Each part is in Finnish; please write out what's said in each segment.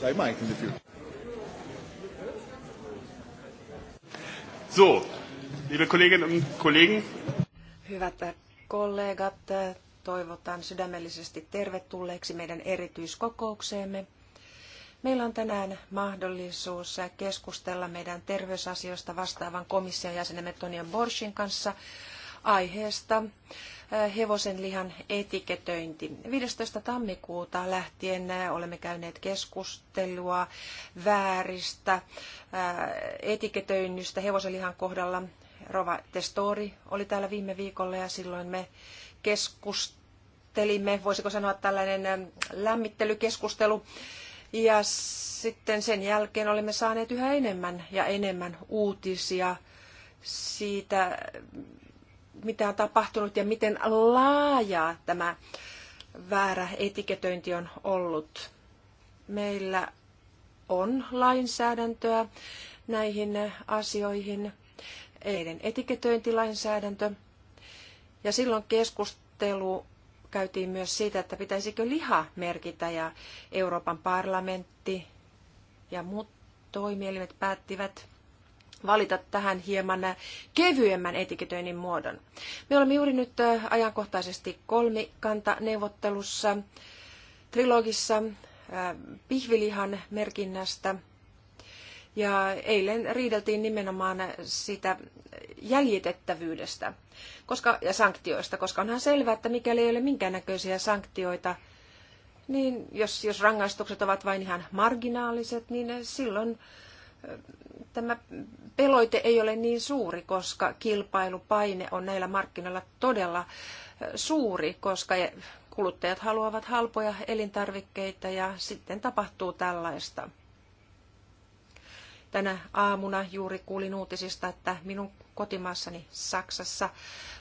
They might in the future. So, liebe Kolleginnen und Kollegen. Hyvät kollegat, toivotan sydämellisesti tervetulleeksi meidän erityiskokoukseemme. Meillä on tänään mahdollisuus keskustella meidän terveysasioista vastaavan komission jäsenemme Tonia Borsin kanssa aiheesta äh, hevosenlihan etiketöinti. 15. tammikuuta lähtien äh, olemme käyneet keskustelua vääristä äh, etiketöinnistä hevosenlihan kohdalla. Rova Testori oli täällä viime viikolla ja silloin me keskustelimme, voisiko sanoa tällainen ähm, lämmittelykeskustelu. Ja sitten sen jälkeen olemme saaneet yhä enemmän ja enemmän uutisia siitä, mitä on tapahtunut ja miten laajaa tämä väärä etiketöinti on ollut. Meillä on lainsäädäntöä näihin asioihin, eilen etiketöintilainsäädäntö. Ja silloin keskustelu käytiin myös siitä, että pitäisikö liha merkitä ja Euroopan parlamentti ja muut toimielimet päättivät valita tähän hieman kevyemmän etiketöinnin muodon. Me olemme juuri nyt ajankohtaisesti kolmikantaneuvottelussa trilogissa pihvilihan merkinnästä. Ja eilen riideltiin nimenomaan sitä jäljitettävyydestä koska, ja sanktioista, koska onhan selvää, että mikäli ei ole minkäännäköisiä sanktioita, niin jos, jos rangaistukset ovat vain ihan marginaaliset, niin silloin tämä peloite ei ole niin suuri, koska kilpailupaine on näillä markkinoilla todella äh, suuri, koska kuluttajat haluavat halpoja elintarvikkeita ja sitten tapahtuu tällaista. Tänä aamuna juuri kuulin uutisista, että minun kotimaassani Saksassa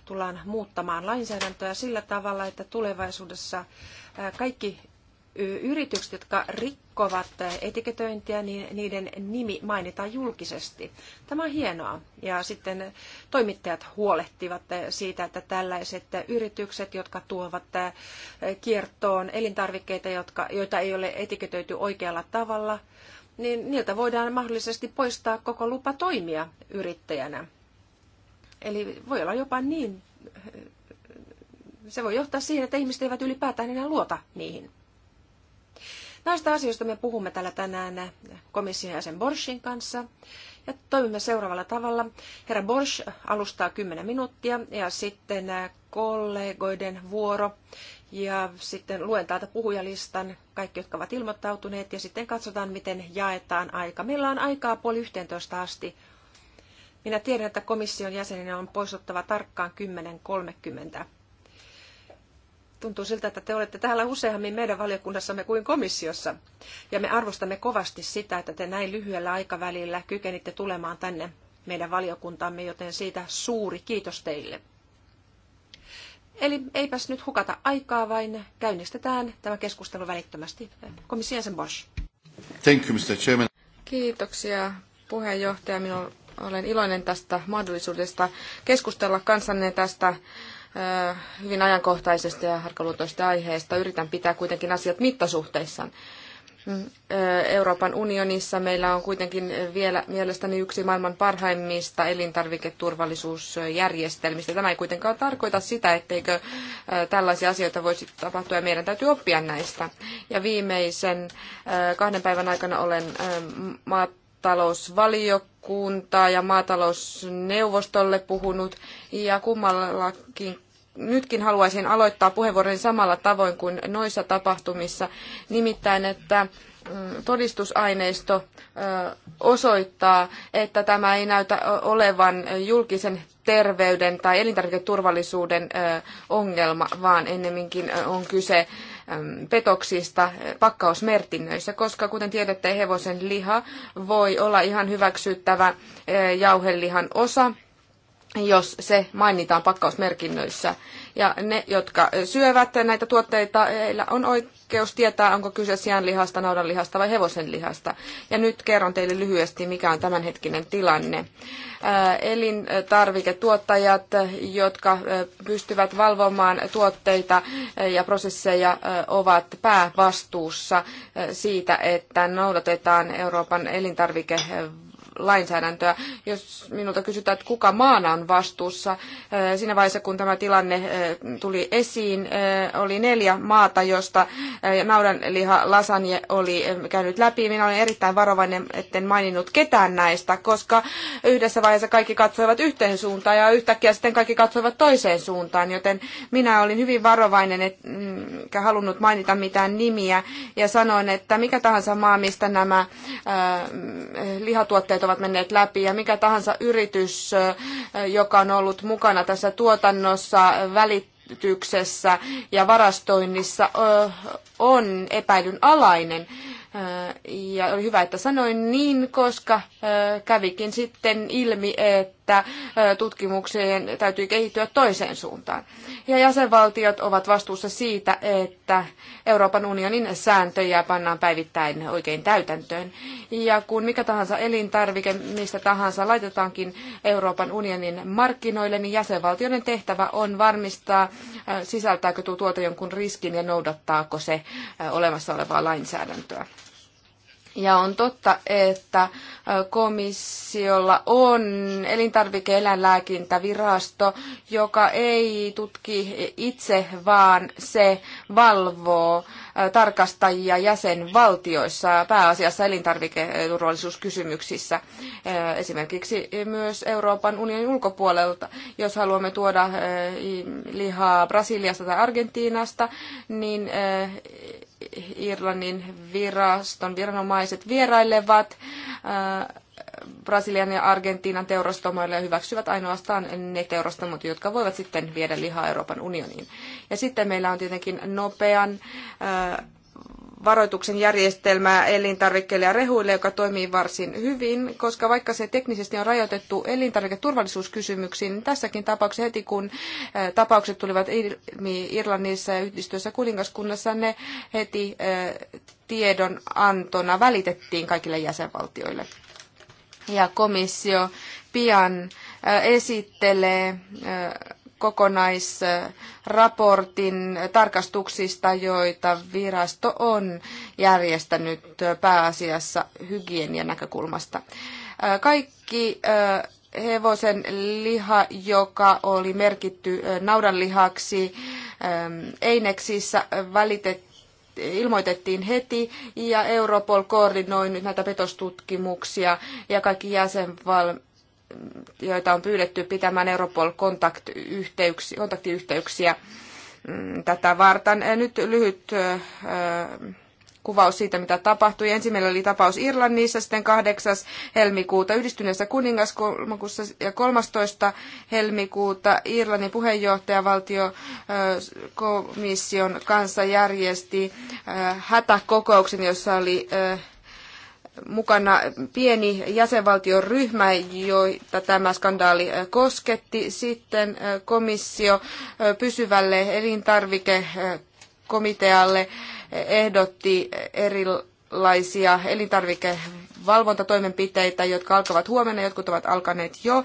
tullaan muuttamaan lainsäädäntöä sillä tavalla, että tulevaisuudessa äh, kaikki yritykset, jotka rikkovat etiketöintiä, niin niiden nimi mainitaan julkisesti. Tämä on hienoa. Ja sitten toimittajat huolehtivat siitä, että tällaiset yritykset, jotka tuovat kiertoon elintarvikkeita, jotka, joita ei ole etiketöity oikealla tavalla, niin niiltä voidaan mahdollisesti poistaa koko lupa toimia yrittäjänä. Eli voi olla jopa niin, se voi johtaa siihen, että ihmiset eivät ylipäätään enää luota niihin. Näistä asioista me puhumme täällä tänään komission jäsen Borschin kanssa ja toimimme seuraavalla tavalla. Herra Borsch alustaa 10 minuuttia ja sitten kollegoiden vuoro ja sitten luen täältä puhujalistan kaikki, jotka ovat ilmoittautuneet ja sitten katsotaan, miten jaetaan aika. Meillä on aikaa puoli 11 asti. Minä tiedän, että komission jäsenenä on poistuttava tarkkaan 10.30 tuntuu siltä, että te olette täällä useammin meidän valiokunnassamme kuin komissiossa. Ja me arvostamme kovasti sitä, että te näin lyhyellä aikavälillä kykenitte tulemaan tänne meidän valiokuntaamme, joten siitä suuri kiitos teille. Eli eipäs nyt hukata aikaa, vain käynnistetään tämä keskustelu välittömästi. Komission jäsen Bosch. Thank you, Mr. Chairman. Kiitoksia puheenjohtaja. Minä olen iloinen tästä mahdollisuudesta keskustella kanssanne tästä hyvin ajankohtaisesta ja harkaluontoisesta aiheesta. Yritän pitää kuitenkin asiat mittasuhteissaan. Mm, Euroopan unionissa meillä on kuitenkin vielä mielestäni yksi maailman parhaimmista elintarviketurvallisuusjärjestelmistä. Tämä ei kuitenkaan tarkoita sitä, etteikö tällaisia asioita voisi tapahtua ja meidän täytyy oppia näistä. Ja viimeisen kahden päivän aikana olen maatalousvaliokuntaa ja maatalousneuvostolle puhunut ja kummallakin nytkin haluaisin aloittaa puheenvuoroni samalla tavoin kuin noissa tapahtumissa, nimittäin että mm, todistusaineisto osoittaa, että tämä ei näytä olevan julkisen terveyden tai elintarviketurvallisuuden ongelma, vaan ennemminkin on kyse petoksista pakkausmerkinnöissä, koska kuten tiedätte, hevosen liha voi olla ihan hyväksyttävä jauhelihan osa, jos se mainitaan pakkausmerkinnöissä. Ja ne, jotka syövät näitä tuotteita, heillä on oikeus tietää, onko kyse sianlihasta, naudanlihasta vai hevosenlihasta. Ja nyt kerron teille lyhyesti, mikä on tämänhetkinen tilanne. Elintarviketuottajat, jotka pystyvät valvomaan tuotteita ja prosesseja, ovat päävastuussa siitä, että noudatetaan Euroopan elintarvikevalvontaa lainsäädäntöä. Jos minulta kysytään, että kuka maana on vastuussa, äh, siinä vaiheessa kun tämä tilanne äh, tuli esiin, äh, oli neljä maata, josta naudanliha lasagne oli ähm, käynyt läpi. Minä olen erittäin varovainen, etten maininnut ketään näistä, koska yhdessä vaiheessa kaikki katsoivat yhteen suuntaan ja yhtäkkiä sitten kaikki katsoivat toiseen suuntaan, joten minä olin hyvin varovainen, etkä mm, halunnut mainita mitään nimiä ja sanoin, että mikä tahansa maa, mistä nämä lihatuotteet ovat menneet läpi ja mikä tahansa yritys, joka on ollut mukana tässä tuotannossa, välityksessä ja varastoinnissa on epäilyn alainen. Ja oli hyvä, että sanoin niin, koska kävikin sitten ilmi, että että tutkimukseen täytyy kehittyä toiseen suuntaan. Ja jäsenvaltiot ovat vastuussa siitä, että Euroopan unionin sääntöjä pannaan päivittäin oikein täytäntöön. Ja kun mikä tahansa elintarvike, mistä tahansa laitetaankin Euroopan unionin markkinoille, niin jäsenvaltioiden tehtävä on varmistaa, sisältääkö tuo tuote jonkun riskin ja noudattaako se olemassa olevaa lainsäädäntöä. Ja on totta, että komissiolla on elintarvike-eläinlääkintävirasto, joka ei tutki itse, vaan se valvoo tarkastajia jäsenvaltioissa, pääasiassa elintarviketurvallisuuskysymyksissä, esimerkiksi myös Euroopan unionin ulkopuolelta. Jos haluamme tuoda lihaa Brasiliasta tai Argentiinasta, niin Irlannin viraston viranomaiset vierailevat äh, Brasilian ja Argentiinan teurastomoille ja hyväksyvät ainoastaan ne teurastamot, jotka voivat sitten viedä lihaa Euroopan unioniin. Ja sitten meillä on tietenkin nopean äh, varoituksen järjestelmää elintarvikkeille ja rehuille, joka toimii varsin hyvin, koska vaikka se teknisesti on rajoitettu elintarviketurvallisuuskysymyksiin, niin tässäkin tapauksessa heti kun tapaukset tulivat ilmi Irlannissa ja yhdistyössä kuningaskunnassa, ne heti tiedonantona välitettiin kaikille jäsenvaltioille. Ja komissio pian esittelee kokonaisraportin tarkastuksista, joita virasto on järjestänyt pääasiassa hygienian näkökulmasta. Kaikki hevosen liha, joka oli merkitty naudanlihaksi eineksissä, välitettiin ilmoitettiin heti ja Europol koordinoi nyt näitä petostutkimuksia ja kaikki jäsenval- joita on pyydetty pitämään Europol-kontaktiyhteyksiä mm, tätä varten. Nyt lyhyt kuvaus siitä, mitä tapahtui. Ensimmäinen oli tapaus Irlannissa, sitten 8. helmikuuta yhdistyneessä kuningaskunnassa ja 13. helmikuuta Irlannin puheenjohtajavaltiokomission kanssa järjesti hätäkokouksen, jossa oli mukana pieni jäsenvaltion ryhmä, joita tämä skandaali äh, kosketti. Sitten äh, komissio äh, pysyvälle elintarvikekomitealle ehdotti erilaisia elintarvikevalvontatoimenpiteitä, jotka alkavat huomenna, jotkut ovat alkaneet jo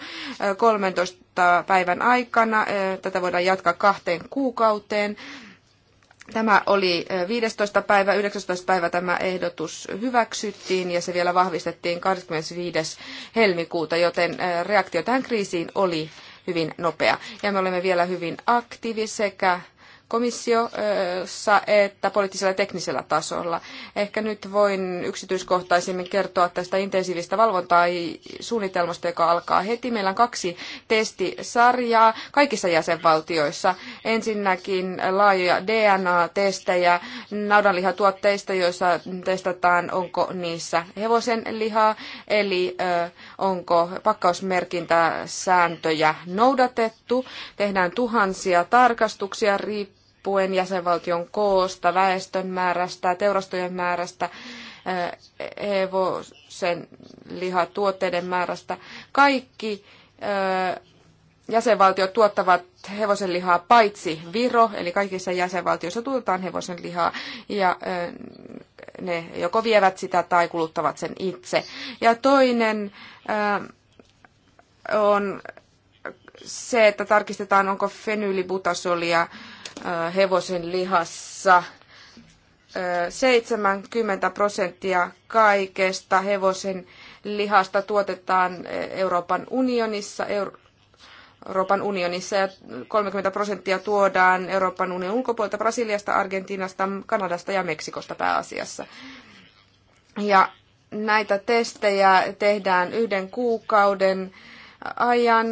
13 päivän aikana. Tätä voidaan jatkaa kahteen kuukauteen. Tämä oli 15. päivä, 19. päivä tämä ehdotus hyväksyttiin ja se vielä vahvistettiin 25. helmikuuta, joten reaktio tähän kriisiin oli hyvin nopea. Ja me olemme vielä hyvin aktiivi sekä komissiossa että poliittisella ja teknisellä tasolla. Ehkä nyt voin yksityiskohtaisemmin kertoa tästä intensiivistä valvontaa suunnitelmasta, joka alkaa heti. Meillä on kaksi testisarjaa kaikissa jäsenvaltioissa. Ensinnäkin laajoja DNA-testejä naudanlihatuotteista, joissa testataan, onko niissä hevosen lihaa, eli onko pakkausmerkintäsääntöjä noudatettu. Tehdään tuhansia tarkastuksia riippuen riippuen jäsenvaltion koosta, väestön määrästä, teurastojen määrästä, eh, hevosen lihatuotteiden määrästä. Kaikki eh, jäsenvaltiot tuottavat hevosen lihaa paitsi Viro, eli kaikissa jäsenvaltioissa tuotetaan hevosen lihaa ja eh, ne joko vievät sitä tai kuluttavat sen itse. Ja toinen on se, että tarkistetaan, onko fenylibutasolia Äh, hevosen lihassa. 70 äh, prosenttia kaikesta hevosen lihasta tuotetaan äh, Euroopan unionissa, Euroopan unionissa ja 30 prosenttia tuodaan Euroopan unionin ulkopuolelta Brasiliasta, Argentiinasta, Kanadasta ja Meksikosta pääasiassa. Ja näitä testejä tehdään yhden kuukauden ajan.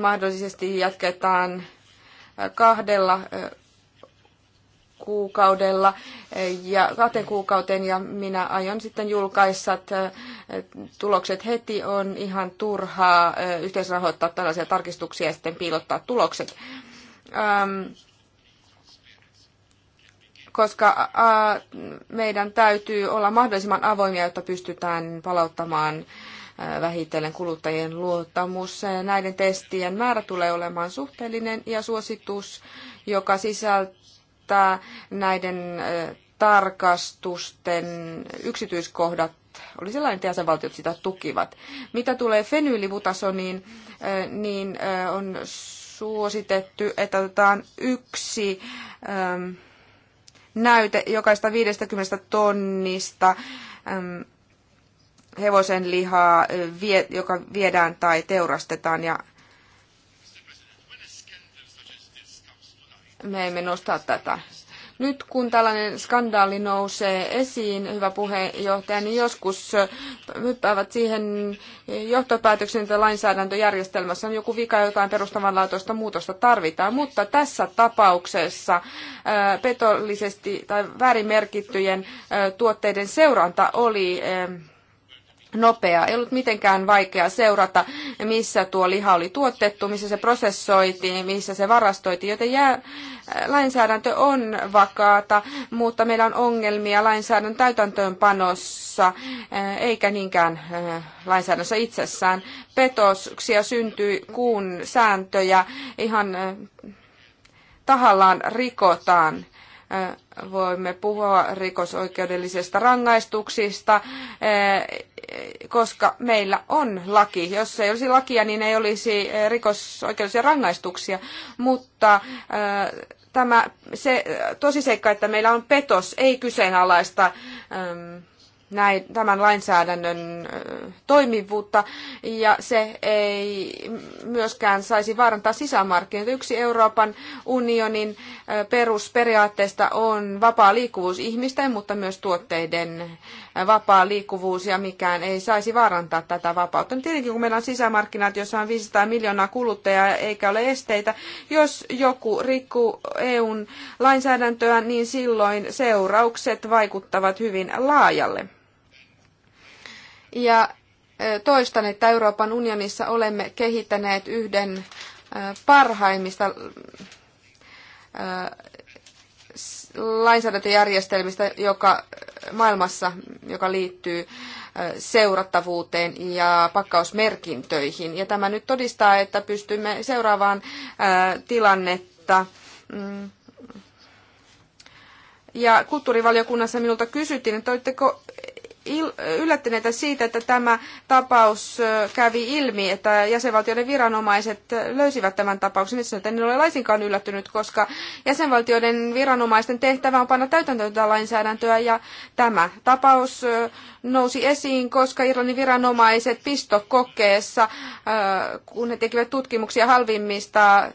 Mahdollisesti jatketaan kahdella kuukaudella ja kahteen kuukauteen ja minä aion sitten julkaissa tulokset heti. On ihan turhaa yhteisrahoittaa tällaisia tarkistuksia ja sitten piilottaa tulokset. Ähm, koska meidän täytyy olla mahdollisimman avoimia, jotta pystytään palauttamaan vähitellen kuluttajien luottamus. Näiden testien määrä tulee olemaan suhteellinen ja suositus, joka sisältää näiden tarkastusten yksityiskohdat oli sellainen, että jäsenvaltiot sitä tukivat. Mitä tulee fenyylibutasoniin, niin, niin on suositettu, että otetaan yksi näyte jokaista 50 tonnista hevosen lihaa, joka viedään tai teurastetaan. Ja me emme nostaa tätä. Nyt kun tällainen skandaali nousee esiin, hyvä puheenjohtaja, niin joskus hyppäävät siihen johtopäätöksen, että lainsäädäntöjärjestelmässä on joku vika, jotain perustavanlaatuista muutosta tarvitaan. Mutta tässä tapauksessa petollisesti tai väärin merkittyjen tuotteiden seuranta oli nopea. Ei ollut mitenkään vaikea seurata, missä tuo liha oli tuotettu, missä se prosessoitiin, missä se varastoitiin, joten jää, äh, lainsäädäntö on vakaata, mutta meillä on ongelmia lainsäädännön täytäntöönpanossa, äh, eikä niinkään äh, lainsäädännössä itsessään. Petoksia syntyy, kun sääntöjä ihan tahallaan rikotaan voimme puhua rikosoikeudellisista rangaistuksista, eh, koska meillä on laki. Jos ei olisi lakia, niin ei olisi eh, rikosoikeudellisia rangaistuksia, mutta eh, tämä se tosiseikka, että meillä on petos, ei kyseenalaista ehm, näin, tämän lainsäädännön toimivuutta ja se ei myöskään saisi vaarantaa sisämarkkinoita. Yksi Euroopan unionin perusperiaatteista on vapaa liikkuvuus ihmisten, mutta myös tuotteiden vapaa liikkuvuus ja mikään ei saisi vaarantaa tätä vapautta. Tietenkin kun meillä on sisämarkkinat, jossa on 500 miljoonaa kuluttajaa eikä ole esteitä, jos joku rikkuu EUn lainsäädäntöä, niin silloin seuraukset vaikuttavat hyvin laajalle. Ja toistan, että Euroopan unionissa olemme kehittäneet yhden parhaimmista lainsäädäntöjärjestelmistä joka maailmassa, joka liittyy seurattavuuteen ja pakkausmerkintöihin. Ja tämä nyt todistaa, että pystymme seuraavaan tilannetta. Mm, ja kulttuurivaliokunnassa minulta kysyttiin, että oletteko yllättyneitä siitä, että tämä tapaus kävi ilmi, että jäsenvaltioiden viranomaiset löysivät tämän tapauksen. Itse asiassa en ole laisinkaan yllättynyt, koska jäsenvaltioiden viranomaisten tehtävä on panna täytäntöön tätä lainsäädäntöä ja tämä tapaus nousi esiin, koska Irlannin viranomaiset pistokokeessa, kun he tekivät tutkimuksia halvimmista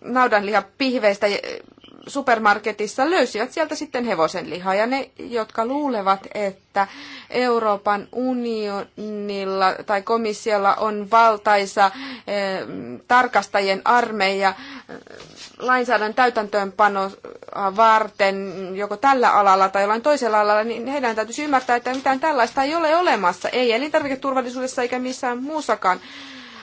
naudanlihapihveistä, supermarketissa löysivät sieltä sitten hevosen lihaa. Ja ne, jotka luulevat, että Euroopan unionilla tai komissiolla on valtaisa eh, tarkastajien armeija eh, lainsäädännön täytäntöönpano eh, varten joko tällä alalla tai jollain toisella alalla, niin heidän täytyisi ymmärtää, että mitään tällaista ei ole olemassa. Ei elintarviketurvallisuudessa eikä missään muussakaan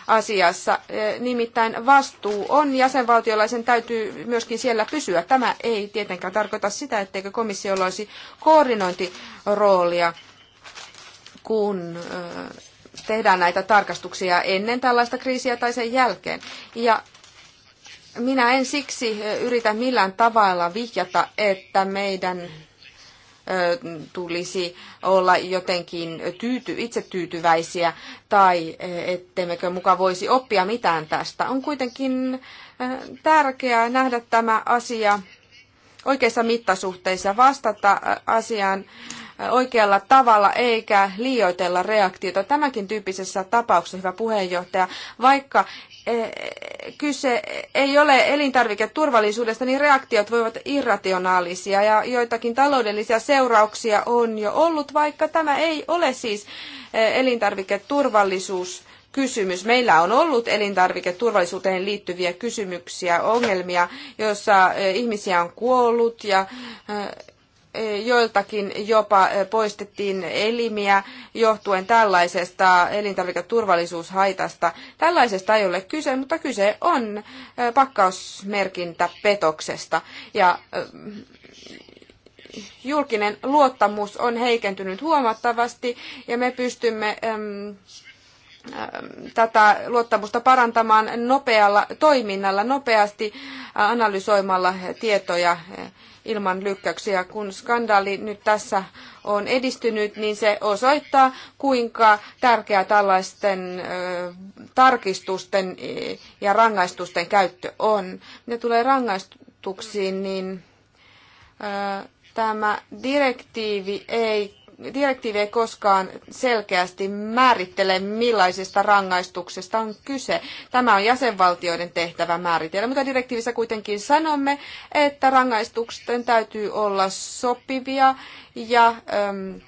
asiassa. E, nimittäin vastuu on jäsenvaltiolla ja sen täytyy myöskin siellä pysyä. Tämä ei tietenkään tarkoita sitä, etteikö komissiolla olisi koordinointiroolia, kun e, tehdään näitä tarkastuksia ennen tällaista kriisiä tai sen jälkeen. Ja minä en siksi e, yritä millään tavalla vihjata, että meidän tulisi olla jotenkin tyyty, tyytyväisiä tai ettemmekö muka voisi oppia mitään tästä. On kuitenkin tärkeää nähdä tämä asia oikeissa mittasuhteissa, vastata asiaan oikealla tavalla eikä liioitella reaktiota. Tämänkin tyyppisessä tapauksessa, hyvä puheenjohtaja, vaikka Eh, kyse ei ole elintarviketurvallisuudesta, niin reaktiot voivat irrationaalisia ja joitakin taloudellisia seurauksia on jo ollut, vaikka tämä ei ole siis eh, elintarviketurvallisuus kysymys. Meillä on ollut elintarviketurvallisuuteen liittyviä kysymyksiä, ongelmia, joissa eh, ihmisiä on kuollut ja Eh, joiltakin jopa eh, poistettiin elimiä johtuen tällaisesta elintarviketurvallisuushaitasta. Tällaisesta ei ole kyse, mutta kyse on eh, pakkausmerkintäpetoksesta. Ja julkinen luottamus on heikentynyt huomattavasti ja me pystymme tätä luottamusta parantamaan nopealla toiminnalla, nopeasti analysoimalla tietoja ilman lykkäyksiä. Kun skandaali nyt tässä on edistynyt, niin se osoittaa, kuinka tärkeä tällaisten tarkistusten ja rangaistusten käyttö on. Ne tulee rangaistuksiin, niin tämä direktiivi ei direktiivi ei koskaan selkeästi määrittele, millaisesta rangaistuksesta on kyse. Tämä on jäsenvaltioiden tehtävä määritellä, mutta direktiivissä kuitenkin sanomme, että rangaistusten täytyy olla sopivia ja äm,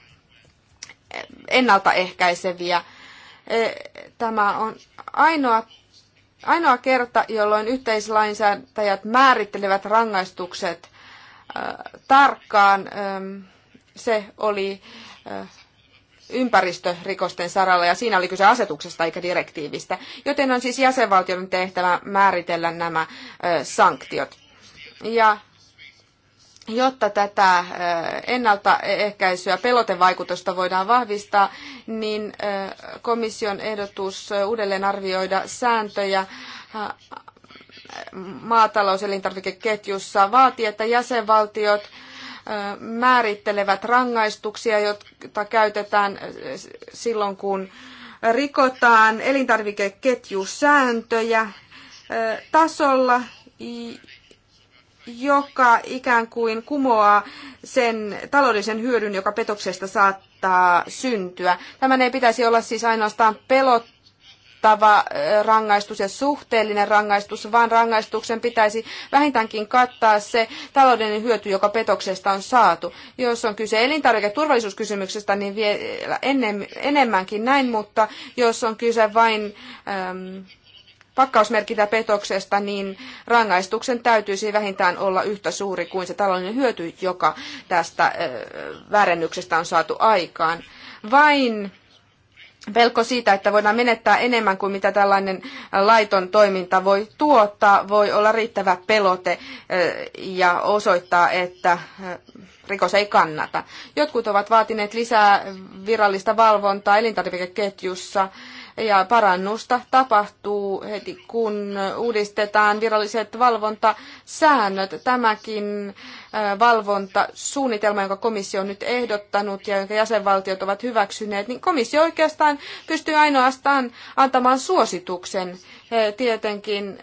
ennaltaehkäiseviä. E, tämä on ainoa ainoa kerta, jolloin yhteislainsäätäjät määrittelevät rangaistukset äh, tarkkaan. Ähm, se oli eh, ympäristörikosten saralla, ja siinä oli kyse asetuksesta eikä direktiivistä. Joten on siis jäsenvaltioiden tehtävä määritellä nämä eh, sanktiot. Ja jotta tätä eh, ennaltaehkäisyä pelotevaikutusta voidaan vahvistaa, niin komission ehdotus uudelleen arvioida sääntöjä maatalouselintarvikeketjussa vaatii, että jäsenvaltiot määrittelevät rangaistuksia, joita käytetään silloin, kun rikotaan elintarvikeketjusääntöjä tasolla, joka ikään kuin kumoaa sen taloudellisen hyödyn, joka petoksesta saattaa syntyä. Tämän ei pitäisi olla siis ainoastaan pelot kattava rangaistus ja suhteellinen rangaistus, vaan rangaistuksen pitäisi vähintäänkin kattaa se taloudellinen hyöty, joka petoksesta on saatu. Jos on kyse elintarviketurvallisuuskysymyksestä, niin vielä ennen, enemmänkin näin, mutta jos on kyse vain äm, pakkausmerkintä petoksesta, niin rangaistuksen täytyisi vähintään olla yhtä suuri kuin se taloudellinen hyöty, joka tästä äh, väärennyksestä on saatu aikaan. Vain pelko siitä, että voidaan menettää enemmän kuin mitä tällainen laiton toiminta voi tuottaa, voi olla riittävä pelote ja osoittaa, että rikos ei kannata. Jotkut ovat vaatineet lisää virallista valvontaa elintarvikeketjussa ja parannusta tapahtuu heti, kun uudistetaan viralliset valvontasäännöt. Tämäkin valvontasuunnitelma, jonka komissio on nyt ehdottanut ja jonka jäsenvaltiot ovat hyväksyneet, niin komissio oikeastaan pystyy ainoastaan antamaan suosituksen. Tietenkin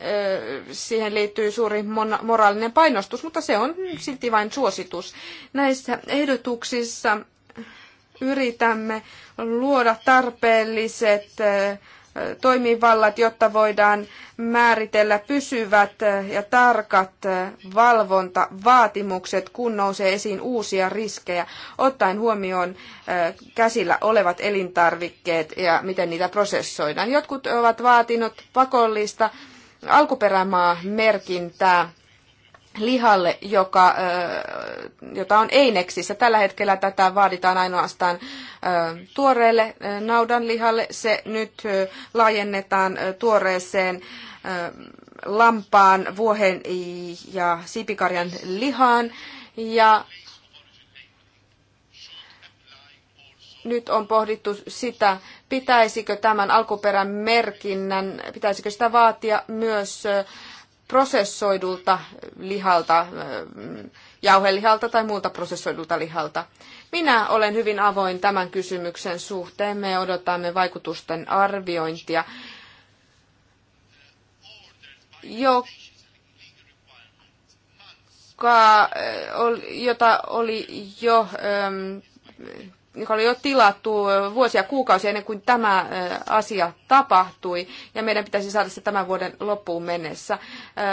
siihen liittyy suuri moraalinen painostus, mutta se on silti vain suositus. Näissä ehdotuksissa yritämme luoda tarpeelliset toimivallat, jotta voidaan määritellä pysyvät ja tarkat valvontavaatimukset, kun nousee esiin uusia riskejä, ottaen huomioon käsillä olevat elintarvikkeet ja miten niitä prosessoidaan. Jotkut ovat vaatineet pakollista alkuperämaa merkintää lihalle, joka, jota on eineksissä. Tällä hetkellä tätä vaaditaan ainoastaan tuoreelle naudanlihalle. Se nyt laajennetaan tuoreeseen lampaan, vuohen ja siipikarjan lihaan. Ja nyt on pohdittu sitä, pitäisikö tämän alkuperän merkinnän, pitäisikö sitä vaatia myös äh, prosessoidulta lihalta, äh, jauhelihalta tai muulta prosessoidulta lihalta. Minä olen hyvin avoin tämän kysymyksen suhteen. Me odotamme vaikutusten arviointia. Joka, äh, jota oli jo ähm, joka oli jo tilattu vuosia kuukausia ennen kuin tämä asia tapahtui, ja meidän pitäisi saada se tämän vuoden loppuun mennessä.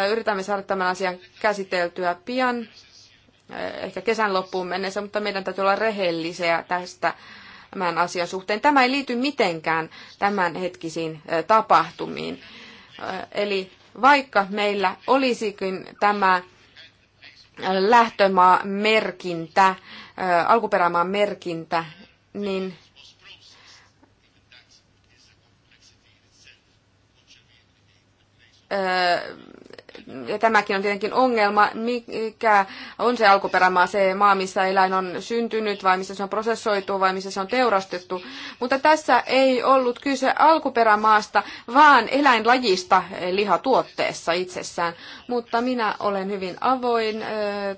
Yritämme saada tämän asian käsiteltyä pian, ehkä kesän loppuun mennessä, mutta meidän täytyy olla rehellisiä tästä tämän asian suhteen. Tämä ei liity mitenkään tämänhetkisiin tapahtumiin. Eli vaikka meillä olisikin tämä lähtömaa merkintä, alkuperämaan merkintä, niin ja tämäkin on tietenkin ongelma, mikä on se alkuperämaa, se maa, missä eläin on syntynyt vai missä se on prosessoitu vai missä se on teurastettu. Mutta tässä ei ollut kyse alkuperämaasta, vaan eläinlajista lihatuotteessa itsessään. Mutta minä olen hyvin avoin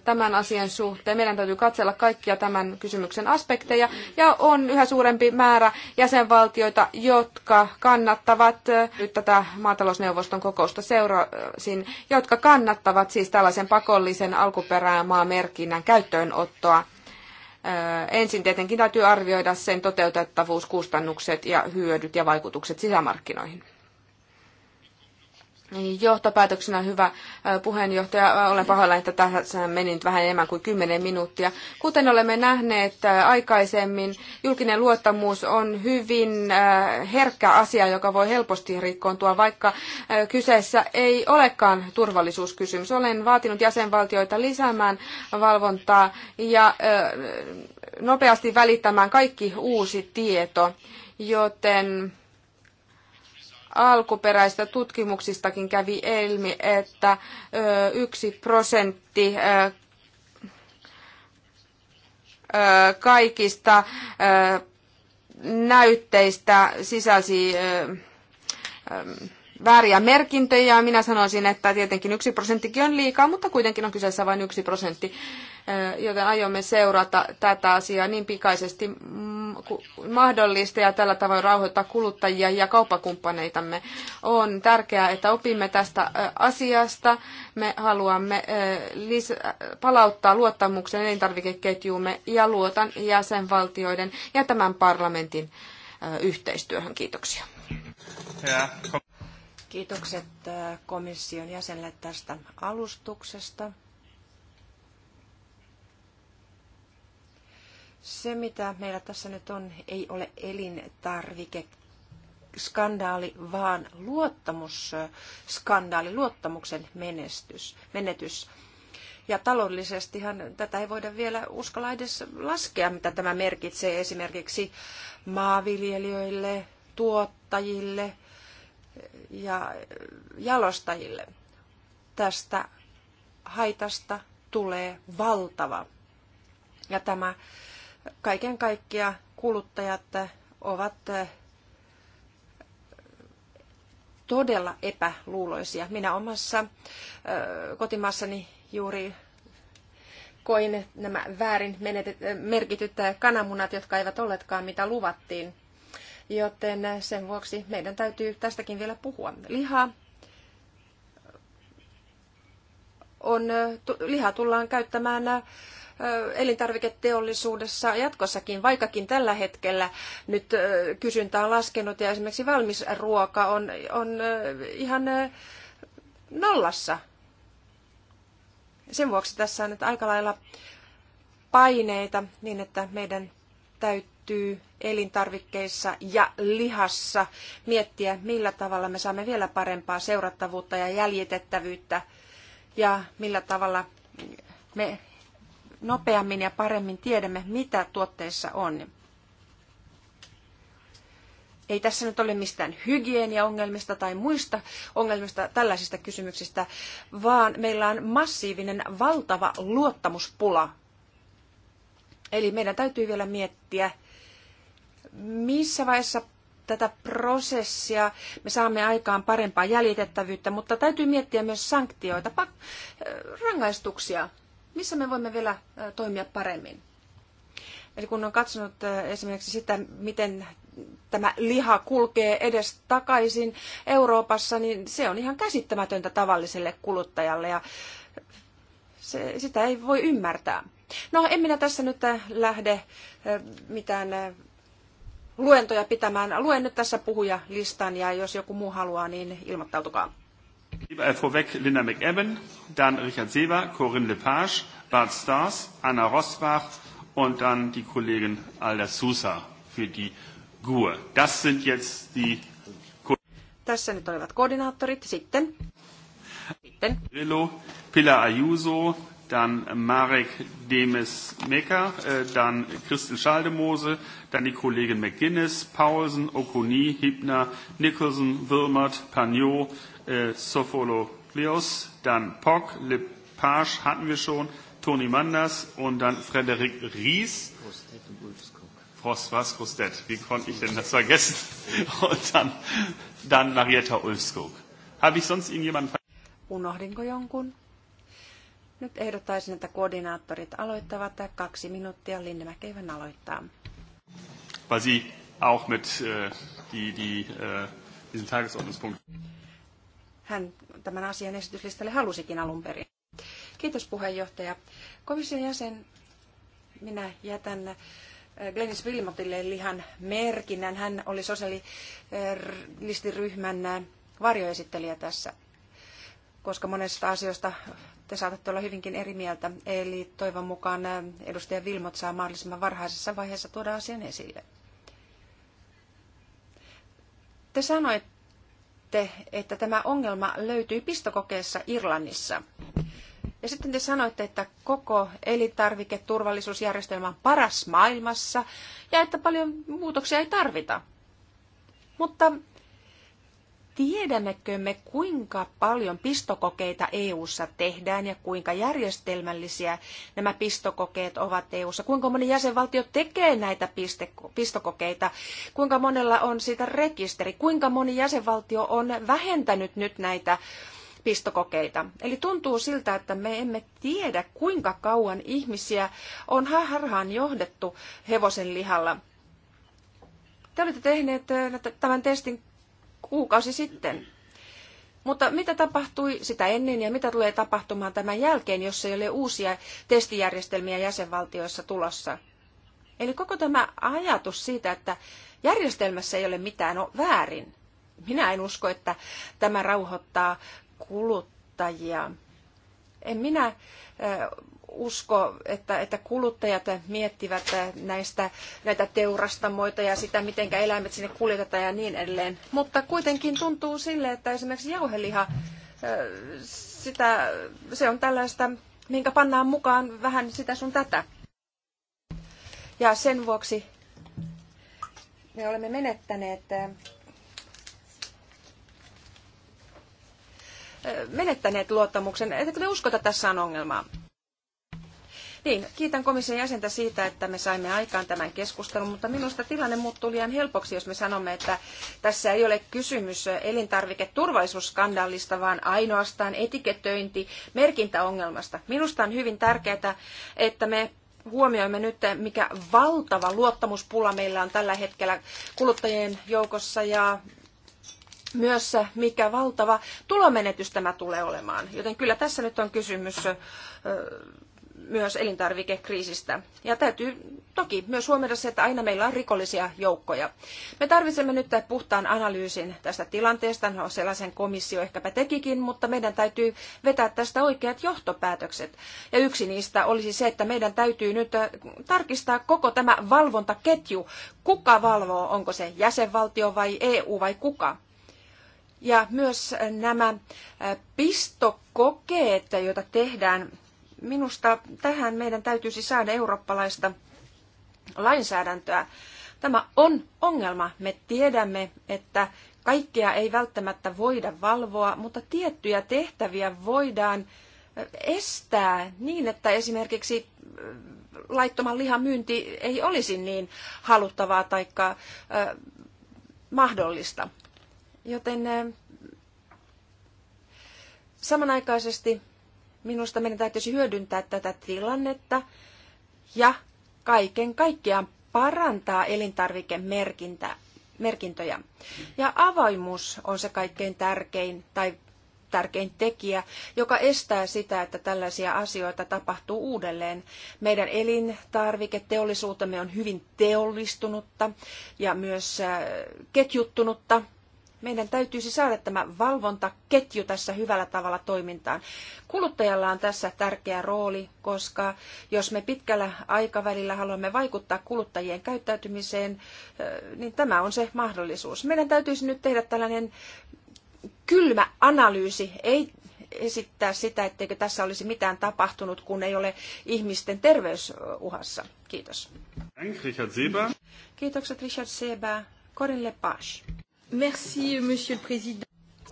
tämän asian suhteen. Meidän täytyy katsella kaikkia tämän kysymyksen aspekteja ja on yhä suurempi määrä jäsenvaltioita, jotka kannattavat nyt tätä maatalousneuvoston kokousta seurasin jotka kannattavat siis tällaisen pakollisen alkuperämaamerkinnän käyttöönottoa. Ensin tietenkin täytyy arvioida sen toteutettavuus, kustannukset ja hyödyt ja vaikutukset sisämarkkinoihin. Johtopäätöksenä hyvä äh, puheenjohtaja, äh, olen pahoillani, että tässä meni nyt vähän enemmän kuin 10 minuuttia. Kuten olemme nähneet äh, aikaisemmin, julkinen luottamus on hyvin herkkä asia, joka voi helposti rikkoontua, vaikka kyseessä ei olekaan turvallisuuskysymys. Olen vaatinut jäsenvaltioita lisäämään valvontaa ja nopeasti välittämään kaikki uusi tieto, joten alkuperäistä tutkimuksistakin kävi ilmi, että yksi prosentti kaikista näytteistä sisälsi vääriä merkintöjä. Minä sanoisin, että tietenkin yksi prosenttikin on liikaa, mutta kuitenkin on kyseessä vain yksi prosentti. Joten aiomme seurata tätä asiaa niin pikaisesti mm, mahdollista ja tällä tavoin rauhoittaa kuluttajia ja kauppakumppaneitamme. On tärkeää, että opimme tästä asiasta. Me haluamme palauttaa luottamuksen elintarvikeketjuumme ja luotan jäsenvaltioiden ja tämän parlamentin yhteistyöhön. Kiitoksia. Kiitokset komission jäsenelle tästä alustuksesta. Se, mitä meillä tässä nyt on, ei ole elintarvike skandaali, vaan luottamusskandaali, luottamuksen menestys, menetys. Ja taloudellisestihan tätä ei voida vielä uskalla edes laskea, mitä tämä merkitsee esimerkiksi maaviljelijöille, tuottajille – ja jalostajille. Tästä haitasta tulee valtava. Ja tämä kaiken kaikkia kuluttajat ovat eh, todella epäluuloisia. Minä omassa eh, kotimaassani juuri koin nämä väärin menetet, merkityt eh, kananmunat, jotka eivät olleetkaan mitä luvattiin. Joten sen vuoksi meidän täytyy tästäkin vielä puhua. Liha on, liha tullaan käyttämään elintarviketeollisuudessa jatkossakin, vaikkakin tällä hetkellä nyt kysyntä on laskenut ja esimerkiksi valmisruoka on, on ihan nollassa. Sen vuoksi tässä on nyt aika lailla paineita niin, että meidän täytyy täytyy elintarvikkeissa ja lihassa miettiä, millä tavalla me saamme vielä parempaa seurattavuutta ja jäljitettävyyttä ja millä tavalla me nopeammin ja paremmin tiedämme, mitä tuotteissa on. Ei tässä nyt ole mistään hygieniaongelmista tai muista ongelmista tällaisista kysymyksistä, vaan meillä on massiivinen, valtava luottamuspula. Eli meidän täytyy vielä miettiä, missä vaiheessa tätä prosessia me saamme aikaan parempaa jäljitettävyyttä, mutta täytyy miettiä myös sanktioita, äh, rangaistuksia, missä me voimme vielä äh, toimia paremmin. Eli kun on katsonut äh, esimerkiksi sitä, miten tämä liha kulkee edes takaisin Euroopassa, niin se on ihan käsittämätöntä tavalliselle kuluttajalle ja se, sitä ei voi ymmärtää. No en minä tässä nyt lähde mitään luentoja pitämään. Luen nyt tässä puhujalistan ja jos joku muu haluaa, niin ilmoittautukaa. Vorweg Linda McEwen, dann Richard Seber, Corinne Lepage, Bart Stars, Anna Rosbach und dann die Kollegin Alda Sousa für die GUE. Das sind jetzt die Tässä nyt olivat koordinaattorit. Sitten. Sitten. Pilar Ayuso, dann Marek Demes-Mecker, äh, dann Christen Schaldemose, dann die Kollegin McGuinness, Paulsen, Okuni, Hibner, Nicholson, Wilmert, Pagnot, äh, Sofolo Leos, dann Pock, Lepage hatten wir schon, Toni Manders und dann Frederik Ries. Frost was Frostet, Wie konnte ich denn das vergessen? Und dann, dann Marietta Ulfskog. Habe ich sonst irgendjemanden Unohdinko jonkun? Nyt ehdottaisin, että koordinaattorit aloittavat ja kaksi minuuttia Lindemäkeivän aloittaa. Weil auch mit äh, die, die, äh, diesen Tagesordnungspunkt. Hän tämän asian esityslistalle halusikin alun perin. Kiitos puheenjohtaja. Komission jäsen, minä jätän äh, Glenis Wilmotille lihan merkinnän. Hän oli sosiaalistiryhmän varjoesittelijä tässä, koska monesta asioista te saatatte olla hyvinkin eri mieltä. Eli toivon mukaan edustaja Vilmot saa mahdollisimman varhaisessa vaiheessa tuoda asian esille. Te sanoitte, että tämä ongelma löytyy pistokokeessa Irlannissa. Ja sitten te sanoitte, että koko elintarviketurvallisuusjärjestelmä on paras maailmassa ja että paljon muutoksia ei tarvita. Mutta Tiedämmekö me, kuinka paljon pistokokeita EU:ssa tehdään ja kuinka järjestelmällisiä nämä pistokokeet ovat EU:ssa? Kuinka moni jäsenvaltio tekee näitä pistokokeita? Kuinka monella on siitä rekisteri? Kuinka moni jäsenvaltio on vähentänyt nyt näitä pistokokeita. Eli tuntuu siltä, että me emme tiedä, kuinka kauan ihmisiä on harhaan johdettu hevosen lihalla. Te olette tehneet eh, tämän testin kuukausi sitten. Mutta mitä tapahtui sitä ennen ja mitä tulee tapahtumaan tämän jälkeen, jos ei ole uusia testijärjestelmiä jäsenvaltioissa tulossa? Eli koko tämä ajatus siitä, että järjestelmässä ei ole mitään on väärin. Minä en usko, että tämä rauhoittaa kuluttajia. En minä usko, että, että kuluttajat miettivät näistä, näitä teurastamoita ja sitä, miten eläimet sinne kuljetetaan ja niin edelleen. Mutta kuitenkin tuntuu sille, että esimerkiksi jauheliha, sitä, se on tällaista, minkä pannaan mukaan vähän sitä sun tätä. Ja sen vuoksi me olemme menettäneet menettäneet luottamuksen. Ettekö te usko, että tässä on ongelmaa? Niin, kiitän komission jäsentä siitä, että me saimme aikaan tämän keskustelun, mutta minusta tilanne muuttuu liian helpoksi, jos me sanomme, että tässä ei ole kysymys elintarviketurvallisuusskandaalista, vaan ainoastaan etiketöinti merkintäongelmasta. Minusta on hyvin tärkeää, että me huomioimme nyt, mikä valtava luottamuspula meillä on tällä hetkellä kuluttajien joukossa ja myös mikä valtava tulomenetys tämä tulee olemaan. Joten kyllä tässä nyt on kysymys myös elintarvikekriisistä. Ja täytyy toki myös huomioida se, että aina meillä on rikollisia joukkoja. Me tarvitsemme nyt puhtaan analyysin tästä tilanteesta. No sellaisen komissio ehkäpä tekikin, mutta meidän täytyy vetää tästä oikeat johtopäätökset. Ja yksi niistä olisi se, että meidän täytyy nyt äh, tarkistaa koko tämä valvontaketju. Kuka valvoo? Onko se jäsenvaltio vai EU vai kuka? Ja myös nämä äh, pistokokeet, joita tehdään Minusta tähän meidän täytyisi saada eurooppalaista lainsäädäntöä. Tämä on ongelma. Me tiedämme, että kaikkea ei välttämättä voida valvoa, mutta tiettyjä tehtäviä voidaan eh, estää niin, että esimerkiksi eh, laittoman lihan myynti ei olisi niin haluttavaa tai eh, mahdollista. Joten samanaikaisesti Minusta meidän täytyisi hyödyntää tätä tilannetta ja kaiken kaikkiaan parantaa elintarvikemerkintöjä. Ja avoimuus on se kaikkein tärkein tai tärkein tekijä, joka estää sitä, että tällaisia asioita tapahtuu uudelleen. Meidän elintarviketeollisuutemme on hyvin teollistunutta ja myös äh, ketjuttunutta meidän täytyisi saada tämä valvontaketju tässä hyvällä tavalla toimintaan. Kuluttajalla on tässä tärkeä rooli, koska jos me pitkällä aikavälillä haluamme vaikuttaa kuluttajien käyttäytymiseen, niin tämä on se mahdollisuus. Meidän täytyisi nyt tehdä tällainen kylmä analyysi, ei esittää sitä, etteikö tässä olisi mitään tapahtunut, kun ei ole ihmisten terveysuhassa. Kiitos. Richard Kiitokset Richard Seba. Corin Lepage. Merci, monsieur le président.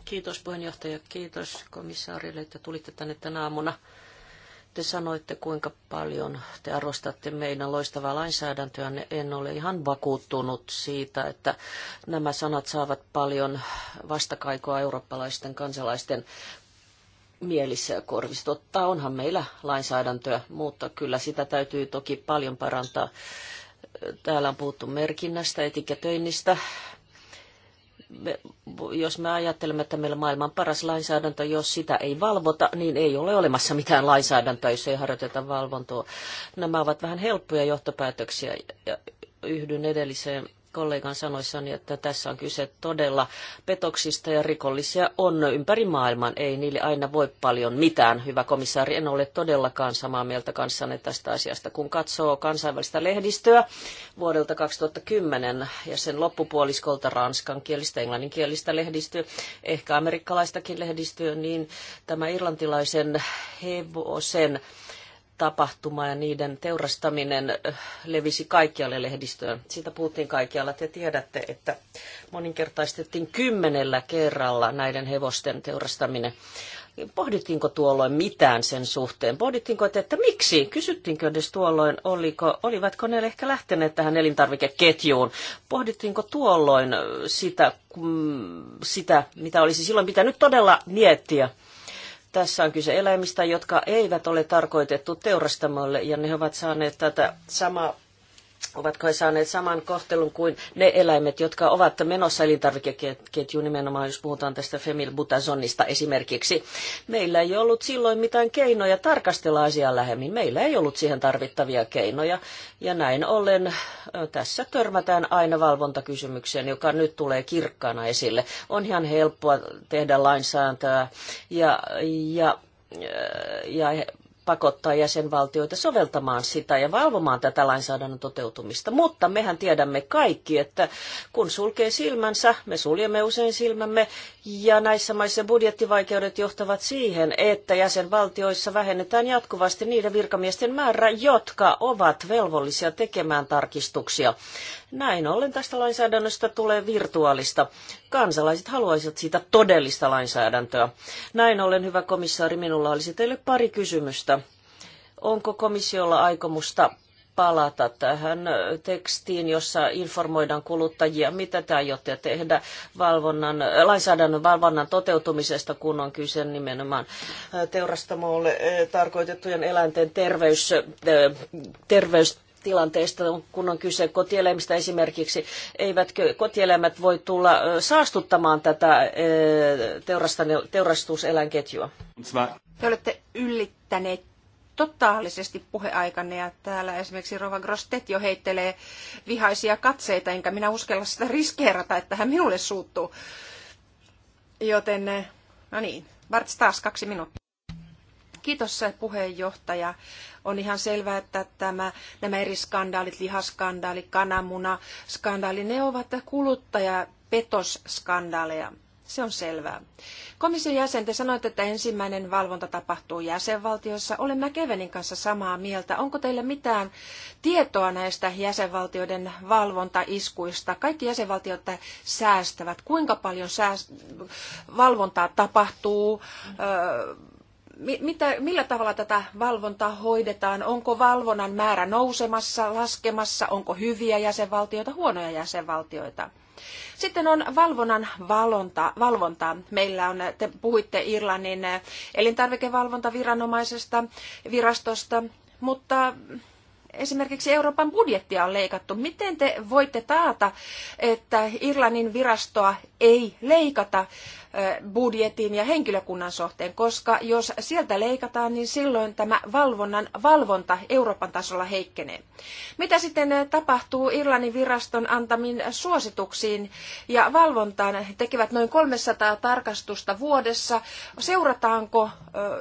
Kiitos puheenjohtaja, kiitos komissaarille, että tulitte tänne tänä aamuna. Te sanoitte, kuinka paljon te arvostatte meidän loistavaa lainsäädäntöä. En ole ihan vakuuttunut siitä, että nämä sanat saavat paljon vastakaikoa eurooppalaisten kansalaisten mielissä ja korvissa. Totta onhan meillä lainsäädäntöä, mutta kyllä sitä täytyy toki paljon parantaa. Täällä on puhuttu merkinnästä, etiketöinnistä, me, jos me ajattelemme, että meillä on maailman paras lainsäädäntö, jos sitä ei valvota, niin ei ole olemassa mitään lainsäädäntöä, jos ei harjoiteta valvontaa. Nämä ovat vähän helppoja johtopäätöksiä. Ja yhdyn edelliseen kollegan sanoissani, että tässä on kyse todella petoksista ja rikollisia on ympäri maailman. Ei niille aina voi paljon mitään, hyvä komissaari. En ole todellakaan samaa mieltä kanssanne tästä asiasta. Kun katsoo kansainvälistä lehdistöä vuodelta 2010 ja sen loppupuoliskolta ranskan kielistä, englanninkielistä lehdistöä, ehkä amerikkalaistakin lehdistöä, niin tämä irlantilaisen hevosen tapahtuma ja niiden teurastaminen eh, levisi kaikkialle lehdistöön. Siitä puhuttiin kaikkialla. Te tiedätte, että moninkertaistettiin kymmenellä kerralla näiden hevosten teurastaminen. Pohdittiinko tuolloin mitään sen suhteen? Pohdittiinko, että, että miksi? Kysyttiinkö edes tuolloin, oliko, olivatko ne ehkä lähteneet tähän elintarvikeketjuun? Pohdittiinko tuolloin eh, sitä, mm, sitä mitä olisi silloin pitänyt todella miettiä? Tässä on kyse eläimistä, jotka eivät ole tarkoitettu teurastamoille, ja ne ovat saaneet tätä samaa ovatko he saaneet saman kohtelun kuin ne eläimet, jotka ovat menossa elintarvikeketjuun, nimenomaan jos puhutaan tästä femilbutazonista esimerkiksi. Meillä ei ollut silloin mitään keinoja tarkastella asiaa lähemmin. Meillä ei ollut siihen tarvittavia keinoja. Ja näin ollen tässä törmätään aina valvontakysymykseen, joka nyt tulee kirkkaana esille. On ihan helppoa tehdä lainsääntöä ja, ja, ja pakottaa jäsenvaltioita soveltamaan sitä ja valvomaan tätä lainsäädännön toteutumista. Mutta mehän tiedämme kaikki, että kun sulkee silmänsä, me suljemme usein silmämme, ja näissä maissa budjettivaikeudet johtavat siihen, että jäsenvaltioissa vähennetään jatkuvasti niiden virkamiesten määrä, jotka ovat velvollisia tekemään tarkistuksia. Näin ollen tästä lainsäädännöstä tulee virtuaalista kansalaiset haluaisivat siitä todellista lainsäädäntöä. Näin ollen, hyvä komissaari, minulla olisi teille pari kysymystä. Onko komissiolla aikomusta palata tähän tekstiin, jossa informoidaan kuluttajia, mitä te aiotte tehdä valvonnan, lainsäädännön valvonnan toteutumisesta, kun on kyse nimenomaan äh, teurastamolle äh, tarkoitettujen eläinten terveys, äh, terveys tilanteesta, kun on kyse kotieläimistä esimerkiksi. Eivätkö kotieläimet voi tulla saastuttamaan tätä teurastuseläinketjua? Te olette yllittäneet totaalisesti puheaikanne ja täällä esimerkiksi Rova Grostet jo heittelee vihaisia katseita, enkä minä uskalla sitä riskeerata, että hän minulle suuttuu. Joten, no niin, Bart taas kaksi minuuttia. Kiitos puheenjohtaja. On ihan selvää, että tämä, nämä eri skandaalit, lihaskandaali, kananmuna, skandaali, ne ovat kuluttajapetosskandaaleja. Se on selvää. Komission jäsen, te sanoitte, että ensimmäinen valvonta tapahtuu jäsenvaltioissa. Olen Mäkevenin kanssa samaa mieltä. Onko teillä mitään tietoa näistä jäsenvaltioiden valvontaiskuista? Kaikki jäsenvaltiot säästävät. Kuinka paljon sääst- valvontaa tapahtuu? mitä, millä tavalla tätä valvontaa hoidetaan? Onko valvonnan määrä nousemassa, laskemassa? Onko hyviä jäsenvaltioita, huonoja jäsenvaltioita? Sitten on valvonnan valonta, valvonta. Meillä on, te puhuitte Irlannin elintarvikevalvontaviranomaisesta, virastosta, mutta esimerkiksi Euroopan budjettia on leikattu. Miten te voitte taata, että Irlannin virastoa ei leikata, budjetin ja henkilökunnan suhteen, koska jos sieltä leikataan, niin silloin tämä valvonnan valvonta Euroopan tasolla heikkenee. Mitä sitten tapahtuu Irlannin viraston antamiin suosituksiin ja valvontaan? He tekevät noin 300 tarkastusta vuodessa. Seurataanko,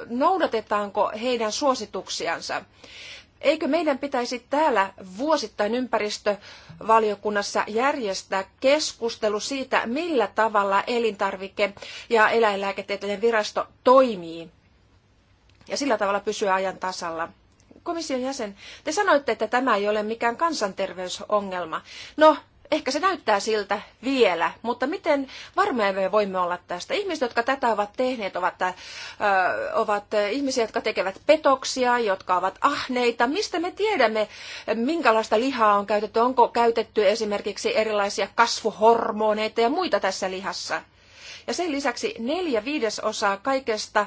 noudatetaanko heidän suosituksiansa? Eikö meidän pitäisi täällä vuosittain ympäristövaliokunnassa järjestää keskustelu siitä, millä tavalla elintarvike- ja eläinlääketieteellinen virasto toimii ja sillä tavalla pysyä ajan tasalla? Komission jäsen, te sanoitte, että tämä ei ole mikään kansanterveysongelma. No, Ehkä se näyttää siltä vielä, mutta miten varmoja me voimme olla tästä? Ihmiset, jotka tätä ovat tehneet, ovat, äh, ovat ihmisiä, jotka tekevät petoksia, jotka ovat ahneita. Mistä me tiedämme, minkälaista lihaa on käytetty? Onko käytetty esimerkiksi erilaisia kasvuhormoneita ja muita tässä lihassa? Ja sen lisäksi neljä viidesosaa kaikesta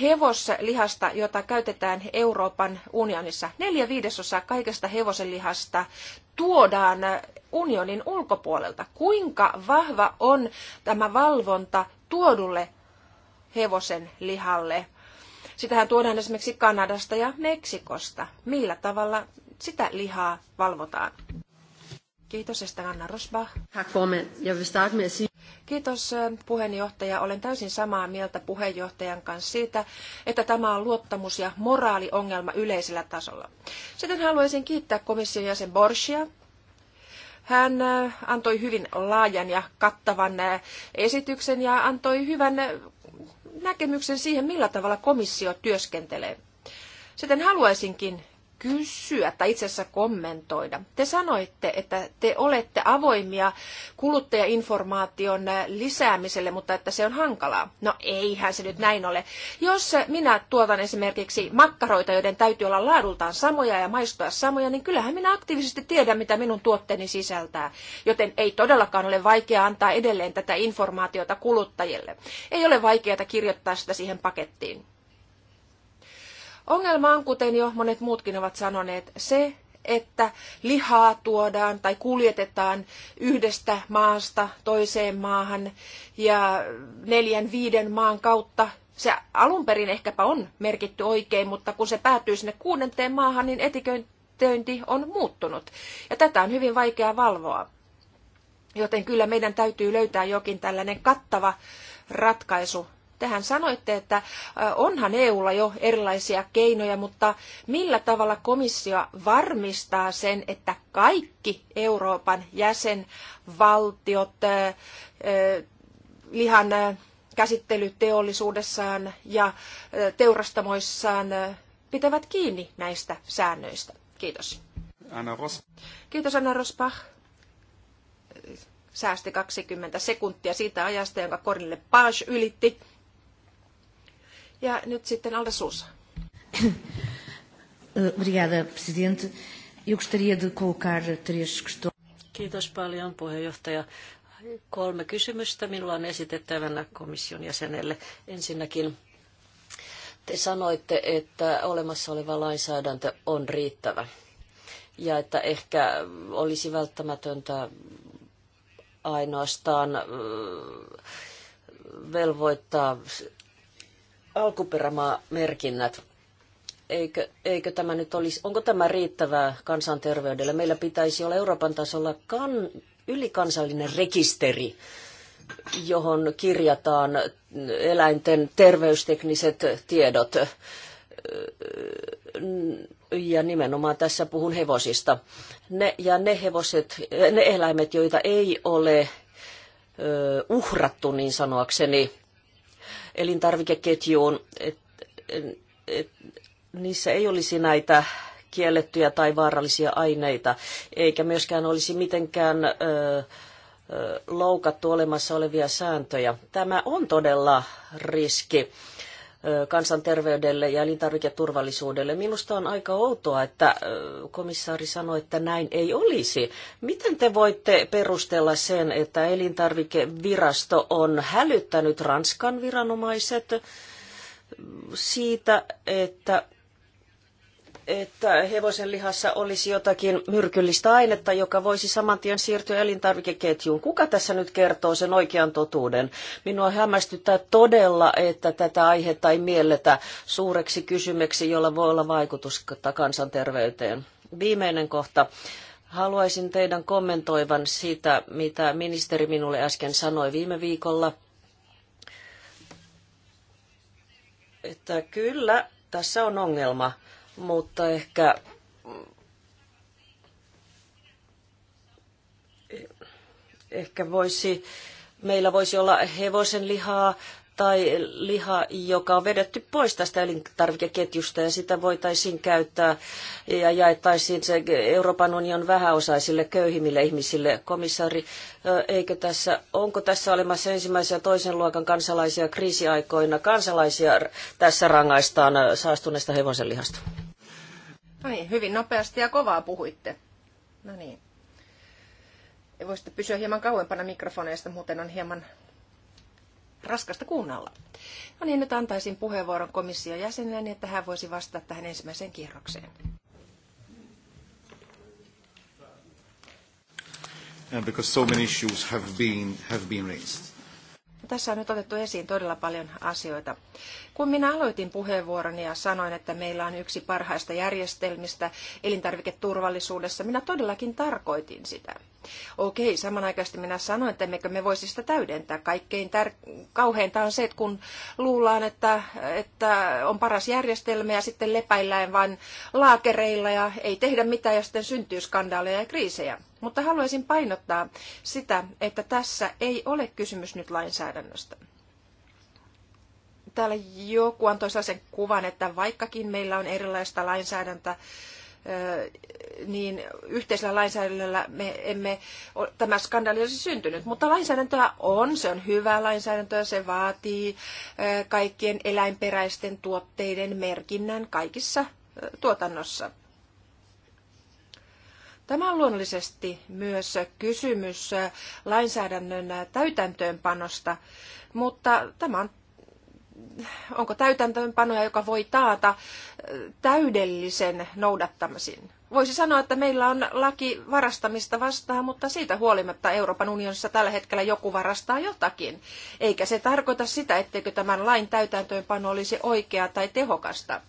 hevoslihasta, jota käytetään Euroopan unionissa. Neljä viidesosaa kaikesta lihasta tuodaan unionin ulkopuolelta. Kuinka vahva on tämä valvonta tuodulle hevosen lihalle? Sitähän tuodaan esimerkiksi Kanadasta ja Meksikosta. Millä tavalla sitä lihaa valvotaan? Kiitos, Esther Rosbach. Kiitos eh, puheenjohtaja. Olen täysin samaa mieltä puheenjohtajan kanssa siitä, että tämä on luottamus- ja moraaliongelma yleisellä tasolla. Sitten haluaisin kiittää komission jäsen Borsia hän eh, antoi hyvin laajan ja kattavan eh, esityksen ja antoi hyvän näkemyksen siihen, millä tavalla komissio työskentelee. Sitten haluaisinkin kysyä tai itse asiassa kommentoida. Te sanoitte, että te olette avoimia kuluttajainformaation lisäämiselle, mutta että se on hankalaa. No eihän se nyt näin ole. Jos minä tuotan esimerkiksi makkaroita, joiden täytyy olla laadultaan samoja ja maistua samoja, niin kyllähän minä aktiivisesti tiedän, mitä minun tuotteeni sisältää. Joten ei todellakaan ole vaikea antaa edelleen tätä informaatiota kuluttajille. Ei ole vaikeaa kirjoittaa sitä siihen pakettiin. Ongelma on, kuten jo monet muutkin ovat sanoneet, se, että lihaa tuodaan tai kuljetetaan yhdestä maasta toiseen maahan ja neljän viiden maan kautta. Se alun perin ehkäpä on merkitty oikein, mutta kun se päätyy sinne kuudenteen maahan, niin etiköinti on muuttunut. Ja tätä on hyvin vaikea valvoa. Joten kyllä meidän täytyy löytää jokin tällainen kattava ratkaisu Tehän sanoitte, että onhan EUlla jo erilaisia keinoja, mutta millä tavalla komissio varmistaa sen, että kaikki Euroopan jäsenvaltiot lihan käsittelyteollisuudessaan ja teurastamoissaan pitävät kiinni näistä säännöistä. Kiitos. Anna Ros. Kiitos Anna Rosbach. Säästi 20 sekuntia siitä ajasta, jonka korille Page ylitti. Ja nyt sitten Alda Sousa. Obrigada, presidente. Eu gostaria de colocar três questões. Kiitos paljon, puheenjohtaja. Kolme kysymystä minulla on esitettävänä komission jäsenelle. Ensinnäkin te sanoitte, että olemassa oleva lainsäädäntö on riittävä ja että ehkä olisi välttämätöntä ainoastaan velvoittaa alkuperämaamerkinnät. Eikö, eikö tämä nyt olisi, onko tämä riittävää kansanterveydelle? Meillä pitäisi olla Euroopan tasolla kan, ylikansallinen rekisteri, johon kirjataan eläinten terveystekniset tiedot. Ja nimenomaan tässä puhun hevosista. Ne, ja ne, hevoset, ne eläimet, joita ei ole uhrattu niin sanoakseni, elintarvikeketjuun, et, et, et, niissä ei olisi näitä kiellettyjä tai vaarallisia aineita, eikä myöskään olisi mitenkään ö, ö, loukattu olemassa olevia sääntöjä. Tämä on todella riski kansanterveydelle ja elintarviketurvallisuudelle. Minusta on aika outoa, että komissaari sanoi, että näin ei olisi. Miten te voitte perustella sen, että elintarvikevirasto on hälyttänyt Ranskan viranomaiset siitä, että että hevosen lihassa olisi jotakin myrkyllistä ainetta, joka voisi saman tien siirtyä elintarvikeketjuun. Kuka tässä nyt kertoo sen oikean totuuden? Minua hämmästyttää todella, että tätä aihetta ei mielletä suureksi kysymyksi, jolla voi olla vaikutusta kansanterveyteen. Viimeinen kohta. Haluaisin teidän kommentoivan sitä, mitä ministeri minulle äsken sanoi viime viikolla. Että kyllä, tässä on ongelma mutta ehkä eh, ehkä voisi, meillä voisi olla hevosen lihaa, tai liha, joka on vedetty pois tästä elintarvikeketjusta ja sitä voitaisiin käyttää ja jaettaisiin se Euroopan union vähäosaisille köyhimmille ihmisille. Komissaari, eikö tässä, onko tässä olemassa ensimmäisen ja toisen luokan kansalaisia kriisiaikoina? Kansalaisia tässä rangaistaan saastuneesta hevosenlihasta. No niin, hyvin nopeasti ja kovaa puhuitte. No niin. Voisitte pysyä hieman kauempana mikrofoneista, muuten on hieman raskasta kuunnella. No niin, nyt antaisin puheenvuoron komission jäsenelle, niin että hän voisi vastata tähän ensimmäiseen kierrokseen. Uh, because so many issues have been, have been raised. Tässä on nyt otettu esiin todella paljon asioita. Kun minä aloitin puheenvuoroni ja sanoin, että meillä on yksi parhaista järjestelmistä elintarviketurvallisuudessa, minä todellakin tarkoitin sitä. Okei, samanaikaisesti minä sanoin, että emmekö me voisi sitä täydentää. Kaikkein tär- kauheinta on se, että kun luullaan, että, että on paras järjestelmä ja sitten lepäillään vain laakereilla ja ei tehdä mitään ja sitten syntyy skandaaleja ja kriisejä. Mutta haluaisin painottaa sitä, että tässä ei ole kysymys nyt lainsäädännöstä täällä joku antoi sellaisen kuvan, että vaikkakin meillä on erilaista lainsäädäntöä niin yhteisellä lainsäädännöllä me emme, tämä skandaali olisi syntynyt. Mutta lainsäädäntöä on, se on hyvää lainsäädäntöä, se vaatii kaikkien eläinperäisten tuotteiden merkinnän kaikissa tuotannossa. Tämä on luonnollisesti myös kysymys lainsäädännön täytäntöönpanosta, mutta tämä on onko täytäntöönpanoja, joka voi taata äh, täydellisen noudattamisen. Voisi sanoa, että meillä on laki varastamista vastaan, mutta siitä huolimatta Euroopan unionissa tällä hetkellä joku varastaa jotakin. Eikä se tarkoita sitä, etteikö tämän lain täytäntöönpano olisi oikeaa tai tehokasta.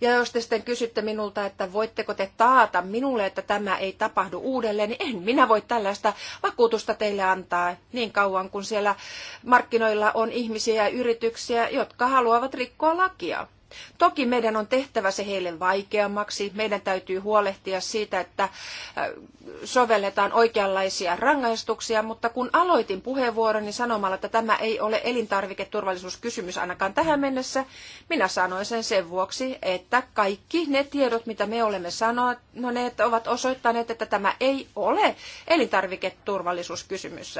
Ja jos te sitten kysytte minulta, että voitteko te taata minulle, että tämä ei tapahdu uudelleen, niin en minä voi tällaista vakuutusta teille antaa niin kauan, kun siellä markkinoilla on ihmisiä ja yrityksiä, jotka haluavat rikkoa lakia. Toki meidän on tehtävä se heille vaikeammaksi. Meidän täytyy huolehtia siitä, että äh, sovelletaan oikeanlaisia rangaistuksia, mutta kun aloitin puheenvuoroni niin sanomalla, että tämä ei ole elintarviketurvallisuuskysymys ainakaan tähän mennessä, minä sanoin sen sen vuoksi, että kaikki ne tiedot, mitä me olemme sanoneet, ovat osoittaneet, että tämä ei ole elintarviketurvallisuuskysymys.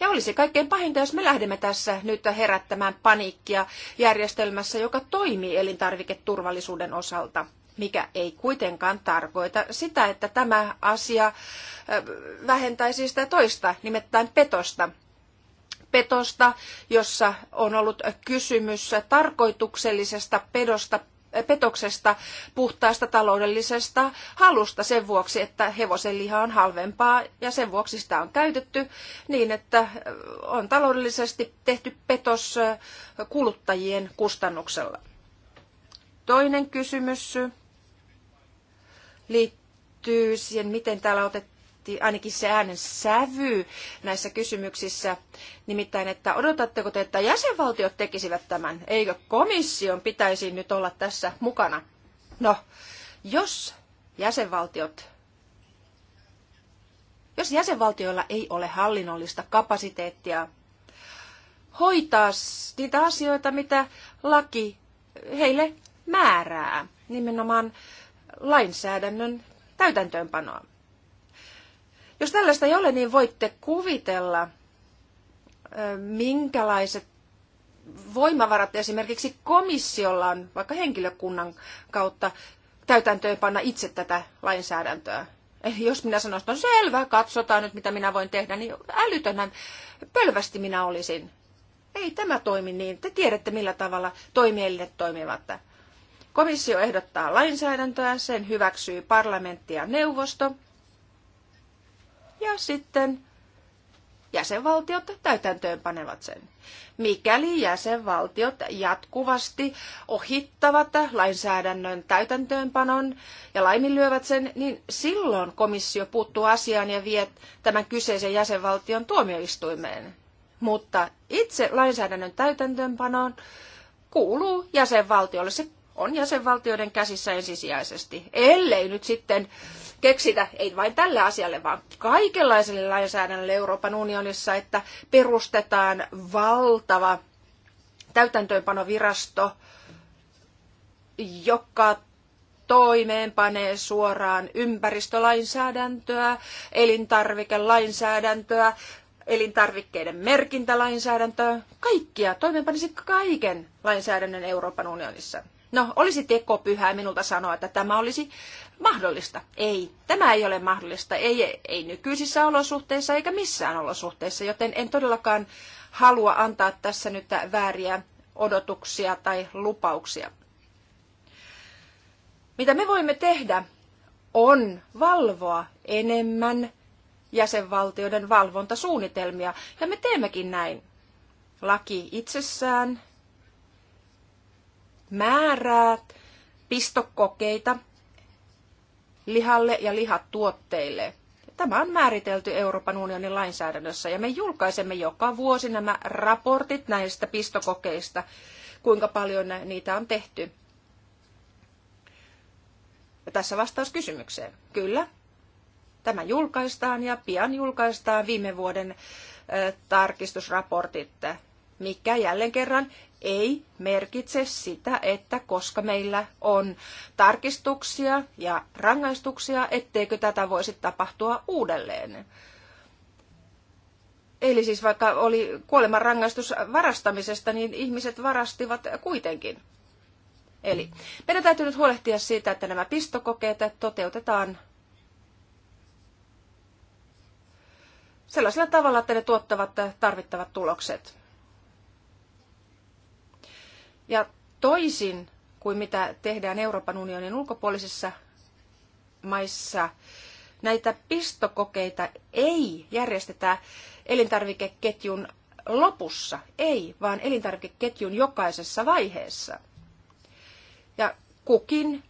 Ja olisi kaikkein pahinta, jos me lähdemme tässä nyt herättämään paniikkia järjestelmässä, joka toimii elintarviketurvallisuuden osalta mikä ei kuitenkaan tarkoita sitä, että tämä asia vähentäisi sitä toista, nimittäin petosta. Petosta, jossa on ollut kysymys tarkoituksellisesta pedosta petoksesta, puhtaasta taloudellisesta halusta sen vuoksi, että hevosen liha on halvempaa ja sen vuoksi sitä on käytetty niin, että on taloudellisesti tehty petos kuluttajien kustannuksella. Toinen kysymys liittyy siihen, miten täällä otettiin kommentti, ainakin se äänen sävy näissä kysymyksissä, nimittäin, että odotatteko te, että jäsenvaltiot tekisivät tämän, eikö komission pitäisi nyt olla tässä mukana? No, jos jäsenvaltiot jos jäsenvaltioilla ei ole hallinnollista kapasiteettia hoitaa niitä asioita, mitä laki heille määrää, nimenomaan lainsäädännön täytäntöönpanoa. Jos tällaista ei ole, niin voitte kuvitella, minkälaiset voimavarat esimerkiksi komissiolla on vaikka henkilökunnan kautta panna itse tätä lainsäädäntöä. Eli jos minä sanoisin, on no selvä, katsotaan nyt mitä minä voin tehdä, niin älytönhän pölvästi minä olisin. Ei tämä toimi niin. Te tiedätte millä tavalla toimielinet toimivat. Komissio ehdottaa lainsäädäntöä, sen hyväksyy parlamentti ja neuvosto ja sitten jäsenvaltiot täytäntöön panevat sen. Mikäli jäsenvaltiot jatkuvasti ohittavat lainsäädännön täytäntöönpanon ja laiminlyövät sen, niin silloin komissio puuttuu asiaan ja vie tämän kyseisen jäsenvaltion tuomioistuimeen. Mutta itse lainsäädännön täytäntöönpanoon kuuluu jäsenvaltiolle. Se on jäsenvaltioiden käsissä ensisijaisesti, ellei nyt sitten keksitä, ei vain tälle asialle, vaan kaikenlaiselle lainsäädännölle Euroopan unionissa, että perustetaan valtava täytäntöönpanovirasto, joka toimeenpanee suoraan ympäristölainsäädäntöä, elintarvikelainsäädäntöä, elintarvikkeiden merkintälainsäädäntöä, kaikkia. Toimeenpanisi kaiken lainsäädännön Euroopan unionissa. No, olisi tekopyhää minulta sanoa, että tämä olisi mahdollista. Ei, tämä ei ole mahdollista. Ei, ei nykyisissä olosuhteissa eikä missään olosuhteissa, joten en todellakaan halua antaa tässä nyt vääriä odotuksia tai lupauksia. Mitä me voimme tehdä on valvoa enemmän jäsenvaltioiden valvontasuunnitelmia, ja me teemmekin näin. Laki itsessään määrää pistokokeita lihalle ja lihatuotteille. Tämä on määritelty Euroopan unionin lainsäädännössä ja me julkaisemme joka vuosi nämä raportit näistä pistokokeista, kuinka paljon niitä on tehty. Ja tässä vastaus kysymykseen. Kyllä, tämä julkaistaan ja pian julkaistaan viime vuoden tarkistusraportit, mikä jälleen kerran ei merkitse sitä, että koska meillä on tarkistuksia ja rangaistuksia, etteikö tätä voisi tapahtua uudelleen. Eli siis vaikka oli kuolemanrangaistus varastamisesta, niin ihmiset varastivat kuitenkin. Eli meidän täytyy nyt huolehtia siitä, että nämä pistokokeet toteutetaan sellaisella tavalla, että ne tuottavat tarvittavat tulokset. Ja toisin kuin mitä tehdään Euroopan unionin ulkopuolisissa maissa, näitä pistokokeita ei järjestetä elintarvikeketjun lopussa, ei, vaan elintarvikeketjun jokaisessa vaiheessa. Ja kukin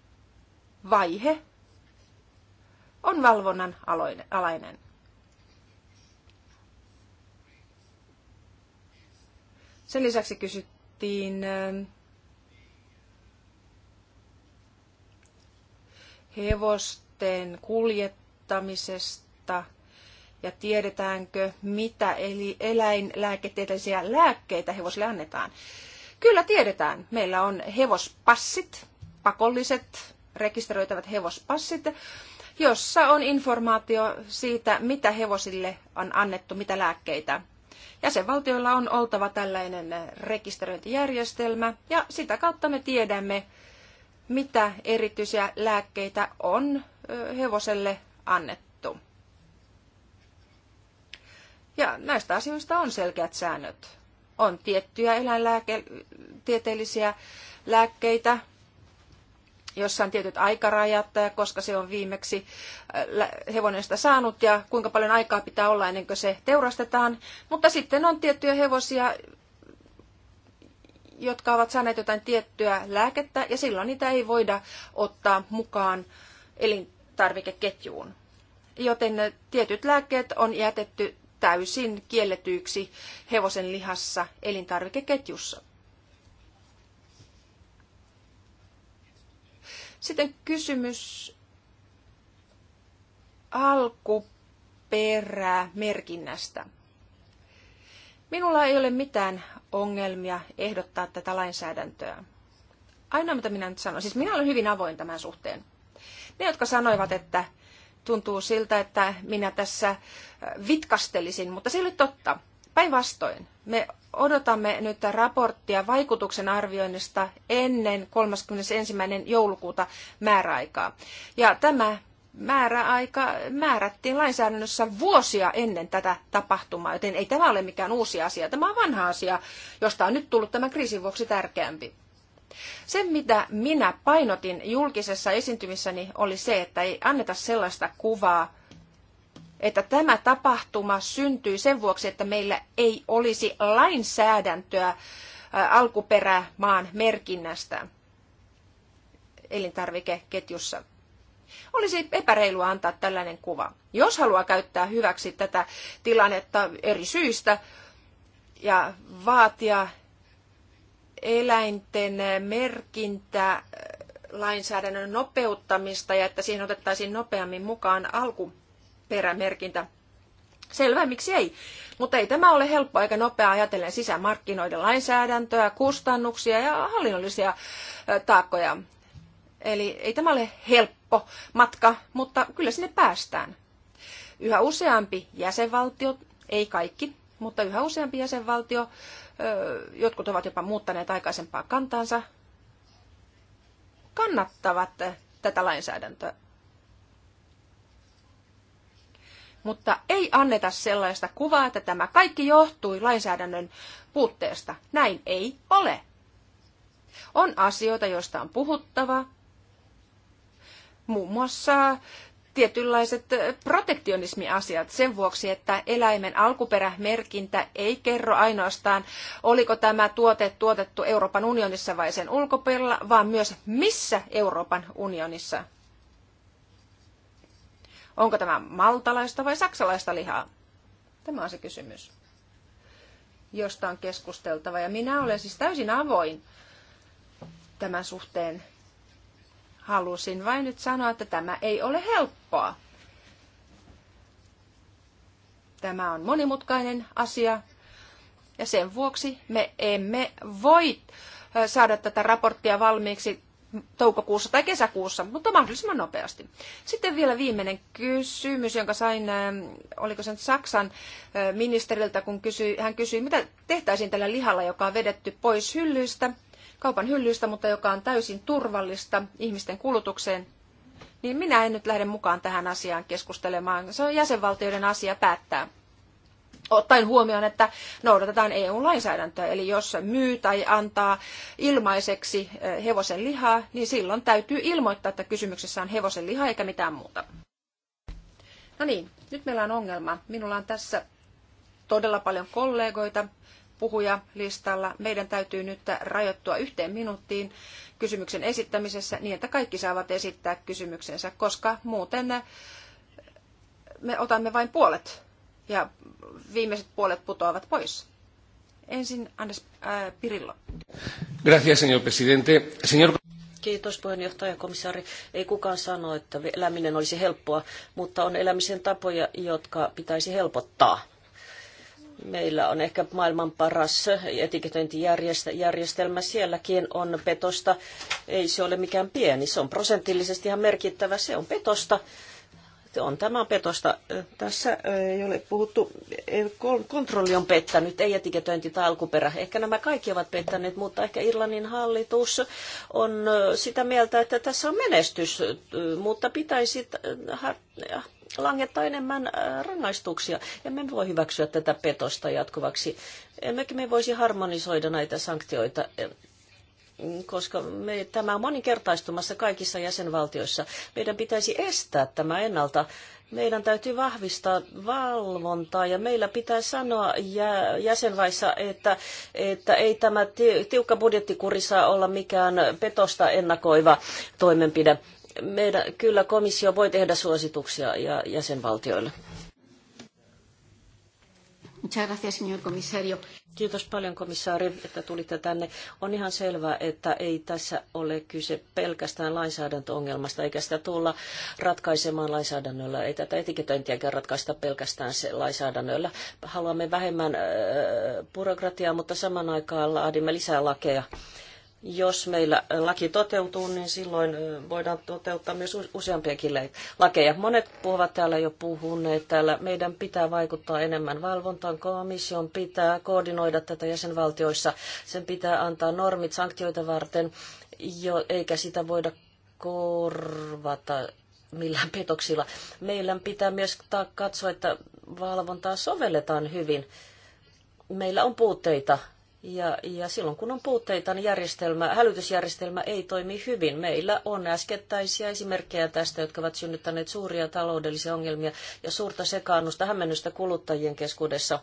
vaihe on valvonnan alainen. Sen lisäksi kysyt, puhuttiin ähm, hevosten kuljettamisesta ja tiedetäänkö, mitä eli eläinlääketieteellisiä lääkkeitä hevosille annetaan. Kyllä tiedetään. Meillä on hevospassit, pakolliset rekisteröitävät hevospassit, jossa on informaatio siitä, mitä hevosille on annettu, mitä lääkkeitä. Jäsenvaltioilla on oltava tällainen rekisteröintijärjestelmä ja sitä kautta me tiedämme, mitä erityisiä lääkkeitä on hevoselle annettu. Ja näistä asioista on selkeät säännöt. On tiettyjä tieteellisiä lääkkeitä, jossa on tietyt aikarajat, koska se on viimeksi äh, hevonen sitä saanut ja kuinka paljon aikaa pitää olla ennen kuin se teurastetaan. Mutta sitten on tiettyjä hevosia, jotka ovat saaneet jotain tiettyä lääkettä ja silloin niitä ei voida ottaa mukaan elintarvikeketjuun. Joten äh, tietyt lääkkeet on jätetty täysin kielletyiksi hevosen lihassa elintarvikeketjussa. Sitten kysymys alkuperämerkinnästä. Minulla ei ole mitään ongelmia ehdottaa tätä lainsäädäntöä. Ainoa mitä minä nyt sanon, siis minä olen hyvin avoin tämän suhteen. Ne, jotka sanoivat, että tuntuu siltä, että minä tässä vitkastelisin, mutta se ei ole totta. Päinvastoin, me odotamme nyt raporttia vaikutuksen arvioinnista ennen 31. joulukuuta määräaikaa. Ja tämä määräaika määrättiin lainsäädännössä vuosia ennen tätä tapahtumaa, joten ei tämä ole mikään uusi asia. Tämä on vanha asia, josta on nyt tullut tämän kriisin vuoksi tärkeämpi. Se, mitä minä painotin julkisessa esiintymissäni, oli se, että ei anneta sellaista kuvaa, että tämä tapahtuma syntyi sen vuoksi, että meillä ei olisi lainsäädäntöä alkuperämaan merkinnästä elintarvikeketjussa. Olisi epäreilua antaa tällainen kuva. Jos haluaa käyttää hyväksi tätä tilannetta eri syistä ja vaatia eläinten merkintä lainsäädännön nopeuttamista ja että siihen otettaisiin nopeammin mukaan alku perämerkintä. Selvä, miksi ei? Mutta ei tämä ole helppoa eikä nopeaa ajatellen sisämarkkinoiden lainsäädäntöä, kustannuksia ja hallinnollisia taakkoja. Eli ei tämä ole helppo matka, mutta kyllä sinne päästään. Yhä useampi jäsenvaltio, ei kaikki, mutta yhä useampi jäsenvaltio, jotkut ovat jopa muuttaneet aikaisempaa kantaansa, kannattavat tätä lainsäädäntöä. mutta ei anneta sellaista kuvaa, että tämä kaikki johtui lainsäädännön puutteesta. Näin ei ole. On asioita, joista on puhuttava, muun muassa tietynlaiset protektionismiasiat sen vuoksi, että eläimen alkuperämerkintä ei kerro ainoastaan, oliko tämä tuote tuotettu Euroopan unionissa vai sen ulkopuolella, vaan myös missä Euroopan unionissa. Onko tämä maltalaista vai saksalaista lihaa? Tämä on se kysymys, josta on keskusteltava. Ja minä olen siis täysin avoin tämän suhteen. Halusin vain nyt sanoa, että tämä ei ole helppoa. Tämä on monimutkainen asia ja sen vuoksi me emme voi saada tätä raporttia valmiiksi toukokuussa tai kesäkuussa, mutta mahdollisimman nopeasti. Sitten vielä viimeinen kysymys, jonka sain, ähm, oliko se Saksan äh, ministeriltä, kun kysyi, hän kysyi, mitä tehtäisiin tällä lihalla, joka on vedetty pois hyllyistä, kaupan hyllyistä, mutta joka on täysin turvallista ihmisten kulutukseen, niin minä en nyt lähde mukaan tähän asiaan keskustelemaan. Se on jäsenvaltioiden asia päättää ottaen huomioon, että noudatetaan EU-lainsäädäntöä. Eli jos myy tai antaa ilmaiseksi eh, hevosen lihaa, niin silloin täytyy ilmoittaa, että kysymyksessä on hevosen liha eikä mitään muuta. No niin, nyt meillä on ongelma. Minulla on tässä todella paljon kollegoita puhuja listalla. Meidän täytyy nyt rajoittua yhteen minuuttiin kysymyksen esittämisessä niin, että kaikki saavat esittää kysymyksensä, koska muuten me otamme vain puolet ja viimeiset puolet putoavat pois. Ensin Anders äh, Pirillo. Gracias, señor presidente. Señor... Kiitos puheenjohtaja komissaari. Ei kukaan sano, että eläminen olisi helppoa, mutta on elämisen tapoja, jotka pitäisi helpottaa. Meillä on ehkä maailman paras etiketointijärjestelmä. Sielläkin on petosta. Ei se ole mikään pieni. Se on prosentillisesti ihan merkittävä. Se on petosta on tämä petosta. Tässä ei ole puhuttu, kontrolli on pettänyt, ei etiketöinti tai alkuperä. Ehkä nämä kaikki ovat pettäneet, mutta ehkä Irlannin hallitus on sitä mieltä, että tässä on menestys, mutta pitäisi langettaa enemmän rangaistuksia. Ja me voi hyväksyä tätä petosta jatkuvaksi. Emmekä me voisi harmonisoida näitä sanktioita koska me, tämä on moninkertaistumassa kaikissa jäsenvaltioissa. Meidän pitäisi estää tämä ennalta. Meidän täytyy vahvistaa valvontaa ja meillä pitää sanoa jäsenvaissa, että, että ei tämä tiukka budjettikuri saa olla mikään petosta ennakoiva toimenpide. Meidän, kyllä komissio voi tehdä suosituksia ja jäsenvaltioille. Muchas gracias, señor comisario. Kiitos paljon komissaari, että tulitte tänne. On ihan selvää, että ei tässä ole kyse pelkästään lainsäädäntöongelmasta, eikä sitä tulla ratkaisemaan lainsäädännöllä. Ei tätä etiketointiakään ratkaista pelkästään se lainsäädännöllä. Haluamme vähemmän äh, byrokratiaa, mutta saman aikaan laadimme lisää lakeja. Jos meillä laki toteutuu, niin silloin voidaan toteuttaa myös useampiakin lakeja. Monet puhuvat täällä jo puhuneet täällä. Meidän pitää vaikuttaa enemmän valvontaan. Komission pitää koordinoida tätä jäsenvaltioissa. Sen pitää antaa normit sanktioita varten, jo, eikä sitä voida korvata millään petoksilla. Meillä pitää myös katsoa, että valvontaa sovelletaan hyvin. Meillä on puutteita ja, ja silloin kun on puutteita, niin järjestelmä, hälytysjärjestelmä ei toimi hyvin. Meillä on äskettäisiä esimerkkejä tästä, jotka ovat synnyttäneet suuria taloudellisia ongelmia ja suurta sekaannusta hämmennystä kuluttajien keskuudessa.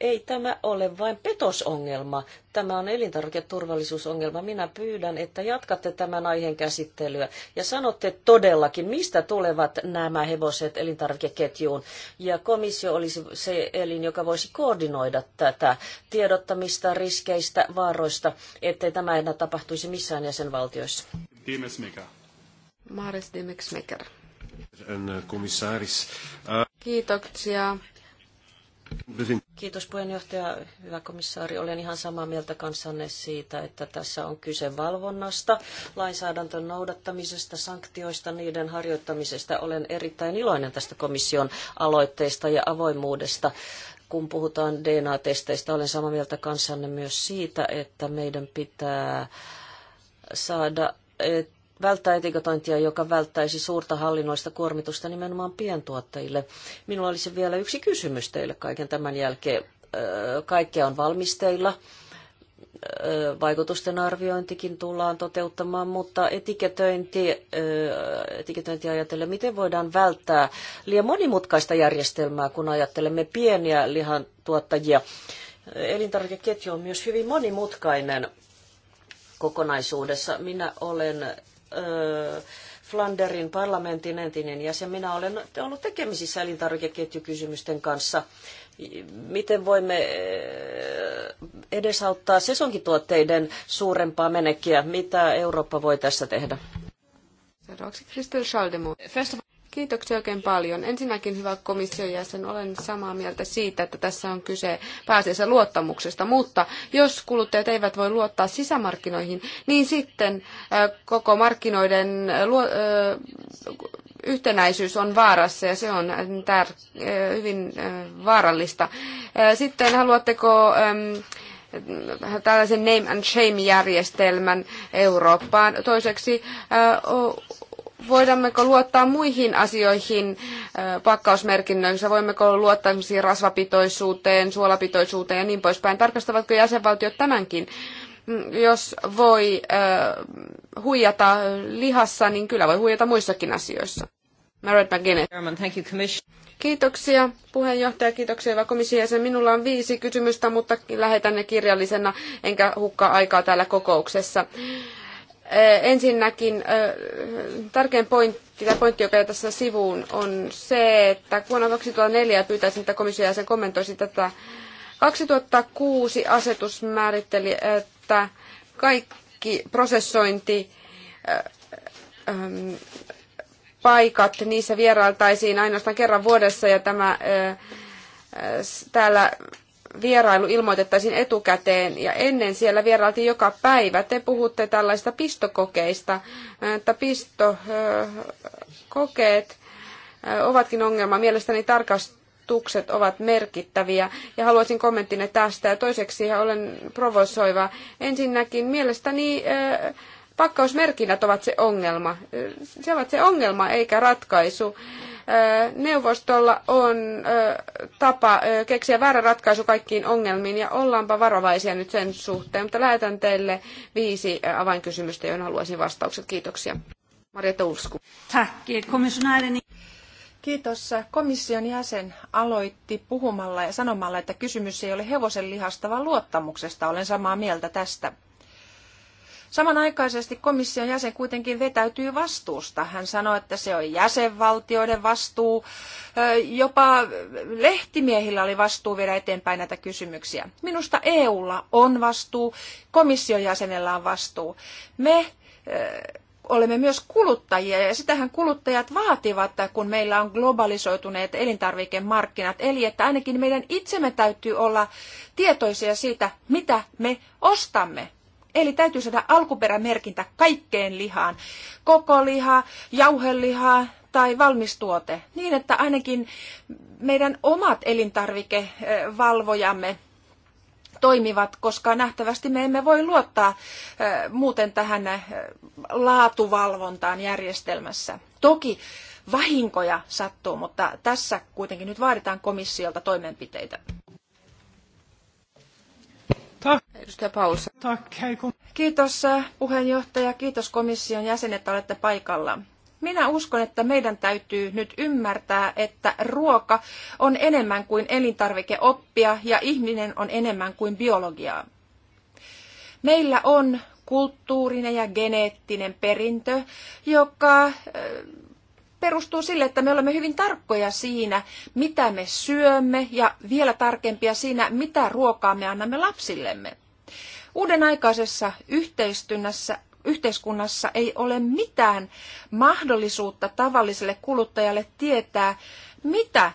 Ei tämä ole vain petosongelma, tämä on elintarviketurvallisuusongelma. Minä pyydän, että jatkatte tämän aiheen käsittelyä ja sanotte todellakin, mistä tulevat nämä hevoset elintarvikeketjuun. Ja komissio olisi se elin, joka voisi koordinoida tätä tiedottamista, riskeistä, vaaroista, ettei tämä enää tapahtuisi missään jäsenvaltioissa. Maris Dimeksmeker. Äh, äh, Kiitoksia Kiitos puheenjohtaja. Hyvä komissaari, olen ihan samaa mieltä kanssanne siitä, että tässä on kyse valvonnasta, lainsäädäntön noudattamisesta, sanktioista, niiden harjoittamisesta. Olen erittäin iloinen tästä komission aloitteesta ja avoimuudesta kun puhutaan DNA-testeistä, olen samaa mieltä kanssanne myös siitä, että meidän pitää saada välttää etikotointia, joka välttäisi suurta hallinnoista kuormitusta nimenomaan pientuottajille. Minulla olisi vielä yksi kysymys teille kaiken tämän jälkeen. Kaikkea on valmisteilla. Vaikutusten arviointikin tullaan toteuttamaan, mutta etiketöinti, etiketöinti ajatellen, miten voidaan välttää liian monimutkaista järjestelmää, kun ajattelemme pieniä lihantuottajia. Elintarvikeketju on myös hyvin monimutkainen kokonaisuudessa. Minä olen Flanderin parlamentin entinen jäsen. Minä olen ollut tekemisissä elintarvikeketjukysymysten kanssa. Miten voimme edesauttaa sesonkituotteiden suurempaa menekkiä? Mitä Eurooppa voi tässä tehdä? Seuraavaksi Kristel Schaldemo. Kiitoksia oikein paljon. Ensinnäkin, hyvä komission jäsen, olen samaa mieltä siitä, että tässä on kyse pääasiassa luottamuksesta, mutta jos kuluttajat eivät voi luottaa sisämarkkinoihin, niin sitten äh, koko markkinoiden äh, yhtenäisyys on vaarassa ja se on äh, hyvin vaarallista. Sitten haluatteko ähm, tällaisen name and shame järjestelmän Eurooppaan. Toiseksi voidammeko luottaa muihin asioihin pakkausmerkinnöissä, voimmeko luottaa rasvapitoisuuteen, suolapitoisuuteen ja niin poispäin. Tarkastavatko jäsenvaltiot tämänkin? Mm, jos voi äh, huijata lihassa, niin kyllä voi huijata muissakin asioissa. Marriott McGuinness. Kiitoksia puheenjohtaja, kiitoksia hyvä komission jäsen. Minulla on viisi kysymystä, mutta lähetän ne kirjallisena, enkä hukkaa aikaa täällä kokouksessa. Ensinnäkin tärkein pointti, tai pointti, joka tässä sivuun, on se, että vuonna 2004 pyytäisin, että komission jäsen kommentoisi tätä. 2006 asetus määritteli, että kaikki prosessointi paikat, niissä vierailtaisiin ainoastaan kerran vuodessa ja tämä täällä vierailu ilmoitettaisiin etukäteen ja ennen siellä vierailtiin joka päivä. Te puhutte tällaista pistokokeista, että pistokokeet ovatkin ongelma. Mielestäni tarkastukset ovat merkittäviä ja haluaisin kommenttine tästä. Ja toiseksi olen provosoiva. Ensinnäkin mielestäni pakkausmerkinnät ovat se ongelma. Se ovat se ongelma eikä ratkaisu neuvostolla on tapa keksiä väärä ratkaisu kaikkiin ongelmiin ja ollaanpa varovaisia nyt sen suhteen. Mutta lähetän teille viisi avainkysymystä, joihin haluaisin vastaukset. Kiitoksia. Marja Ursku. Eh, Kiitos. Komission jäsen aloitti puhumalla ja sanomalla, että kysymys ei ole hevosen lihasta, vaan luottamuksesta. Olen samaa mieltä tästä. Samanaikaisesti komission jäsen kuitenkin vetäytyy vastuusta. Hän sanoi, että se on jäsenvaltioiden vastuu. Jopa lehtimiehillä oli vastuu viedä eteenpäin näitä kysymyksiä. Minusta EUlla on vastuu, komission jäsenellä on vastuu. Me olemme myös kuluttajia ja sitähän kuluttajat vaativat, kun meillä on globalisoituneet elintarvikemarkkinat. Eli että ainakin meidän itsemme täytyy olla tietoisia siitä, mitä me ostamme. Eli täytyy saada alkuperämerkintä kaikkeen lihaan. Koko liha, jauheliha tai valmistuote. Niin, että ainakin meidän omat elintarvikevalvojamme toimivat, koska nähtävästi me emme voi luottaa muuten tähän laatuvalvontaan järjestelmässä. Toki vahinkoja sattuu, mutta tässä kuitenkin nyt vaaditaan komissiolta toimenpiteitä. Tack. Edustaja Paulsen. Kiitos äh, puheenjohtaja, kiitos komission jäsen, että olette paikalla. Minä uskon, että meidän täytyy nyt ymmärtää, että ruoka on enemmän kuin elintarvikeoppia ja ihminen on enemmän kuin biologiaa. Meillä on kulttuurinen ja geneettinen perintö, joka äh, perustuu sille, että me olemme hyvin tarkkoja siinä, mitä me syömme ja vielä tarkempia siinä, mitä ruokaa me annamme lapsillemme. Uuden aikaisessa yhteistynnässä yhteiskunnassa ei ole mitään mahdollisuutta tavalliselle kuluttajalle tietää, mitä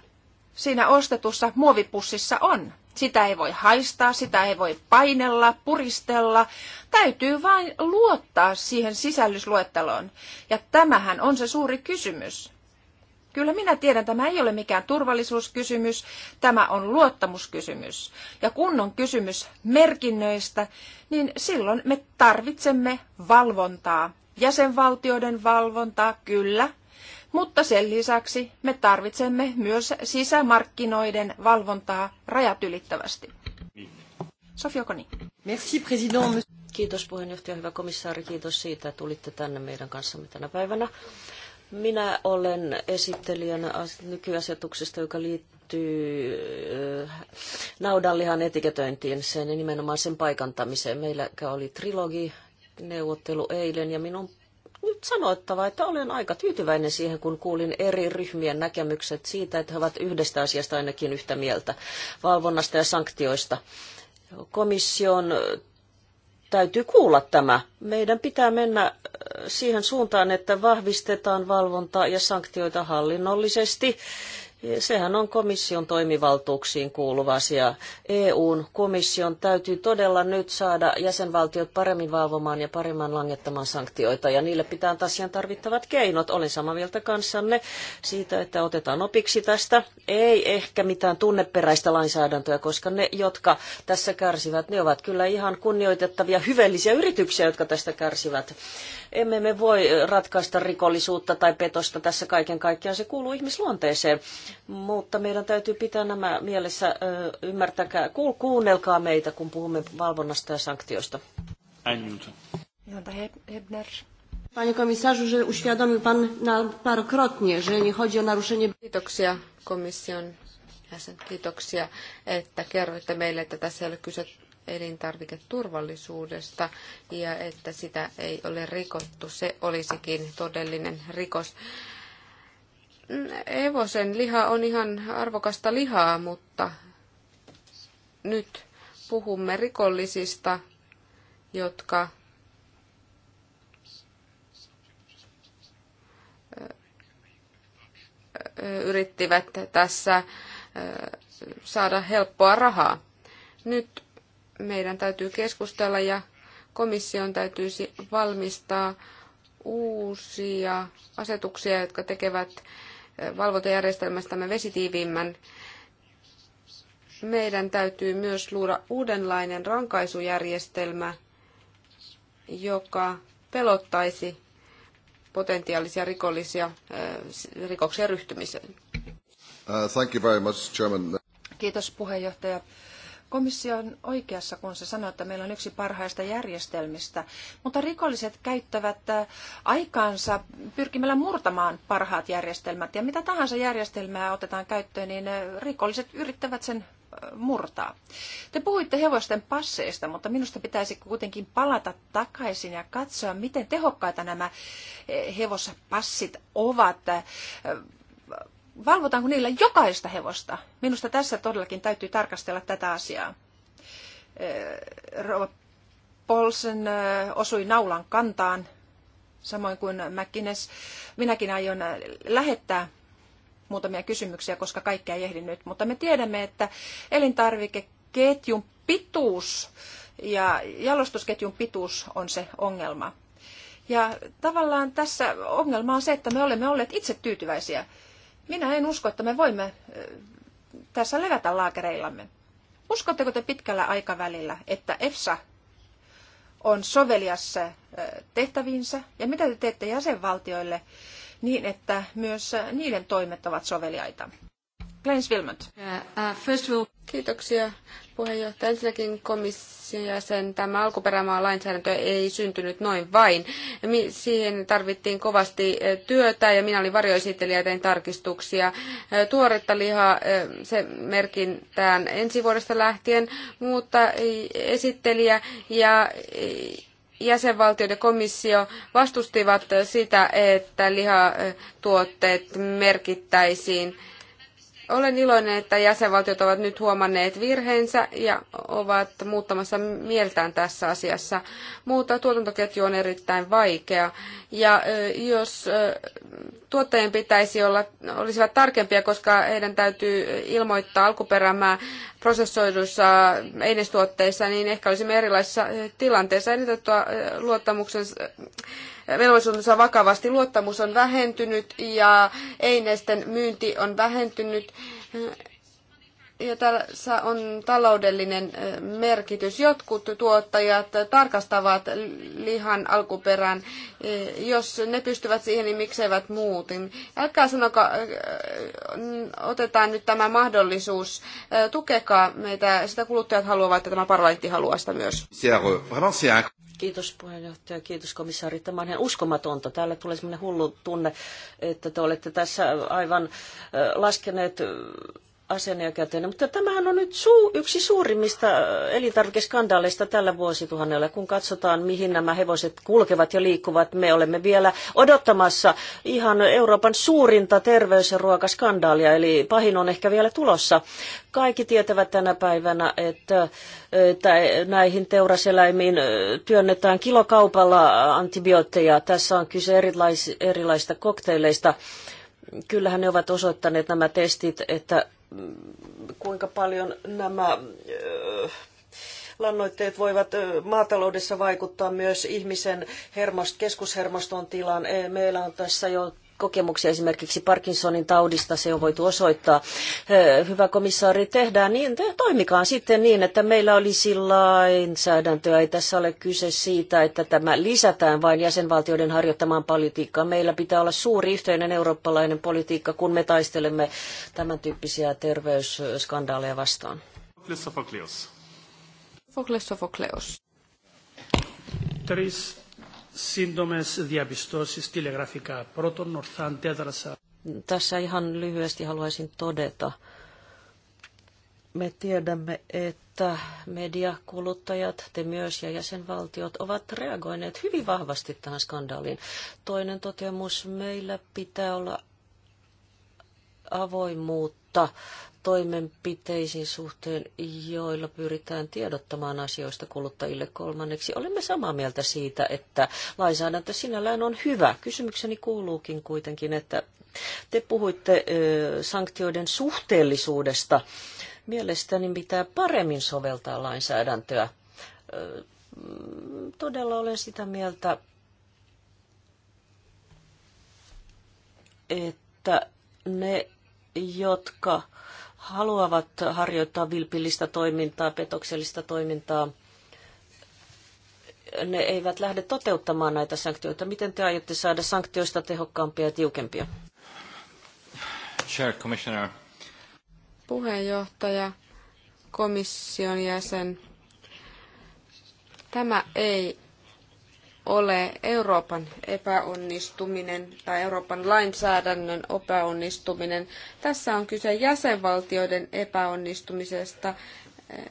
siinä ostetussa muovipussissa on. Sitä ei voi haistaa, sitä ei voi painella, puristella. Täytyy vain luottaa siihen sisällysluetteloon. Ja tämähän on se suuri kysymys. Kyllä minä tiedän, tämä ei ole mikään turvallisuuskysymys, tämä on luottamuskysymys. Ja kun on kysymys merkinnöistä, niin silloin me tarvitsemme valvontaa. Jäsenvaltioiden valvontaa, kyllä, mutta sen lisäksi me tarvitsemme myös sisämarkkinoiden valvontaa rajat ylittävästi. Sofia Koni. Merci, president. Kiitos puheenjohtaja, hyvä komissaari, kiitos siitä, että tulitte tänne meidän kanssamme tänä päivänä. Minä olen esittelijänä nykyasetuksesta, joka liittyy naudanlihan etiketöintiin, sen nimenomaan sen paikantamiseen. Meillä oli trilogi neuvottelu eilen ja minun nyt sanottava, että olen aika tyytyväinen siihen, kun kuulin eri ryhmien näkemykset siitä, että he ovat yhdestä asiasta ainakin yhtä mieltä, valvonnasta ja sanktioista. Komission täytyy kuulla tämä. Meidän pitää mennä siihen suuntaan, että vahvistetaan valvontaa ja sanktioita hallinnollisesti Sehän on komission toimivaltuuksiin kuuluva asia. EUn komission täytyy todella nyt saada jäsenvaltiot paremmin valvomaan ja paremmin langettamaan sanktioita, ja niille pitää antaa siihen tarvittavat keinot. Olen samaa mieltä kanssanne siitä, että otetaan opiksi tästä. Ei ehkä mitään tunneperäistä lainsäädäntöä, koska ne, jotka tässä kärsivät, ne ovat kyllä ihan kunnioitettavia, hyvellisiä yrityksiä, jotka tästä kärsivät. Emme me voi ratkaista rikollisuutta tai petosta tässä kaiken kaikkiaan. Se kuuluu ihmisluonteeseen mutta meidän täytyy pitää nämä mielessä, ymmärtäkää, kuunnelkaa meitä, kun puhumme valvonnasta ja sanktioista. że uświadomił Pan że nie chodzi o naruszenie... Kiitoksia komission jäsen. Kiitoksia, että kerroitte meille, että tässä ei ole kyse elintarviketurvallisuudesta ja että sitä ei ole rikottu. Se olisikin todellinen rikos. Evosen liha on ihan arvokasta lihaa, mutta nyt puhumme rikollisista, jotka yrittivät tässä saada helppoa rahaa. Nyt meidän täytyy keskustella ja komission täytyisi valmistaa uusia asetuksia, jotka tekevät valvontajärjestelmästämme vesitiiviimmän, meidän täytyy myös luoda uudenlainen rankaisujärjestelmä, joka pelottaisi potentiaalisia rikollisia äh, rikokseen ryhtymiseen. Uh, thank you very much, Chairman. Kiitos puheenjohtaja. Komissio on oikeassa, kun se sanoo, että meillä on yksi parhaista järjestelmistä, mutta rikolliset käyttävät aikaansa pyrkimällä murtamaan parhaat järjestelmät. Ja mitä tahansa järjestelmää otetaan käyttöön, niin rikolliset yrittävät sen murtaa. Te puhuitte hevosten passeista, mutta minusta pitäisi kuitenkin palata takaisin ja katsoa, miten tehokkaita nämä hevospassit ovat valvotaanko niillä jokaista hevosta? Minusta tässä todellakin täytyy tarkastella tätä asiaa. Rova Polsen osui naulan kantaan, samoin kuin Mäkkines. Minäkin aion lähettää muutamia kysymyksiä, koska kaikkea ei ehdi nyt, mutta me tiedämme, että elintarvikeketjun pituus ja jalostusketjun pituus on se ongelma. Ja tavallaan tässä ongelma on se, että me olemme olleet itse tyytyväisiä minä en usko, että me voimme tässä levätä laakereillamme. Uskotteko te pitkällä aikavälillä, että EFSA on sovelias tehtäviinsä ja mitä te teette jäsenvaltioille niin, että myös niiden toimet ovat soveliaita? Glenn Wilmot. Uh, uh, Kiitoksia puheenjohtaja. Ensinnäkin komission jäsen tämä alkuperämaa lainsäädäntö ei syntynyt noin vain. Siihen tarvittiin kovasti eh, työtä ja minä olin varjoesittelijä ja tein tarkistuksia. Eh, tuoretta lihaa eh, se merkintään ensi vuodesta lähtien, mutta esittelijä ja jäsenvaltioiden komissio vastustivat sitä, että lihatuotteet merkittäisiin olen iloinen, että jäsenvaltiot ovat nyt huomanneet virheensä ja ovat muuttamassa mieltään tässä asiassa, mutta tuotantoketju on erittäin vaikea. Ja jos tuottajien pitäisi olla, olisivat tarkempia, koska heidän täytyy ilmoittaa alkuperämää prosessoiduissa einestuotteissa, niin ehkä olisimme tilanteessa, tilanteissa. Eniten luottamuksen velvollisuutensa vakavasti. Luottamus on vähentynyt ja einesten myynti on vähentynyt. Ja tässä on taloudellinen merkitys. Jotkut tuottajat tarkastavat lihan alkuperän. Jos ne pystyvät siihen, niin mikseivät muutin. Älkää sanoka, otetaan nyt tämä mahdollisuus. Tukekaa meitä. Sitä kuluttajat haluavat ja tämä parlamentti haluaa sitä myös. Kiitos puheenjohtaja, kiitos komissaari. Tämä on ihan uskomatonta. Täällä tulee sellainen hullu tunne, että te olette tässä aivan laskeneet Asenne ja käteen. Mutta tämähän on nyt suu, yksi suurimmista äh, elintarvikeskandaaleista tällä vuosituhannella, kun katsotaan, mihin nämä hevoset kulkevat ja liikkuvat. Me olemme vielä odottamassa ihan Euroopan suurinta terveys- ja ruokaskandaalia, eli pahin on ehkä vielä tulossa. Kaikki tietävät tänä päivänä, että, että näihin teuraseläimiin äh, työnnetään kilokaupalla antibiootteja. Tässä on kyse erilais, erilaisista kokteileista kyllähän ne ovat osoittaneet nämä testit, että kuinka paljon nämä lannoitteet voivat maataloudessa vaikuttaa myös ihmisen hermost, keskushermoston tilaan. E, meillä on tässä jo kokemuksia esimerkiksi Parkinsonin taudista, se on voitu osoittaa. Hyvä komissaari, tehdään niin, te toimikaan sitten niin, että meillä olisi lainsäädäntöä. Ei tässä ole kyse siitä, että tämä lisätään vain jäsenvaltioiden harjoittamaan politiikkaan. Meillä pitää olla suuri yhteinen eurooppalainen politiikka, kun me taistelemme tämän tyyppisiä terveysskandaaleja vastaan. Fokles Sofokleos. Fokles Sofokleos σύντομες διαπιστώσεις τηλεγραφικά. Πρώτον, ορθάν τέτρασα. Tässä ihan lyhyesti haluaisin todeta. Me tiedämme, että mediakuluttajat, te myös ja jäsenvaltiot ovat reagoineet hyvin vahvasti tähän skandaaliin. Toinen toteamus, meillä pitää olla avoimuutta toimenpiteisiin suhteen, joilla pyritään tiedottamaan asioista kuluttajille. Kolmanneksi, olemme samaa mieltä siitä, että lainsäädäntö sinällään on hyvä. Kysymykseni kuuluukin kuitenkin, että te puhuitte sanktioiden suhteellisuudesta. Mielestäni pitää paremmin soveltaa lainsäädäntöä. Todella olen sitä mieltä, että ne, jotka haluavat harjoittaa vilpillistä toimintaa, petoksellista toimintaa, ne eivät lähde toteuttamaan näitä sanktioita. Miten te aiotte saada sanktioista tehokkaampia ja tiukempia? Chair, Commissioner. Puheenjohtaja, komission jäsen. Tämä ei ole Euroopan epäonnistuminen tai Euroopan lainsäädännön epäonnistuminen. Tässä on kyse jäsenvaltioiden epäonnistumisesta, eh,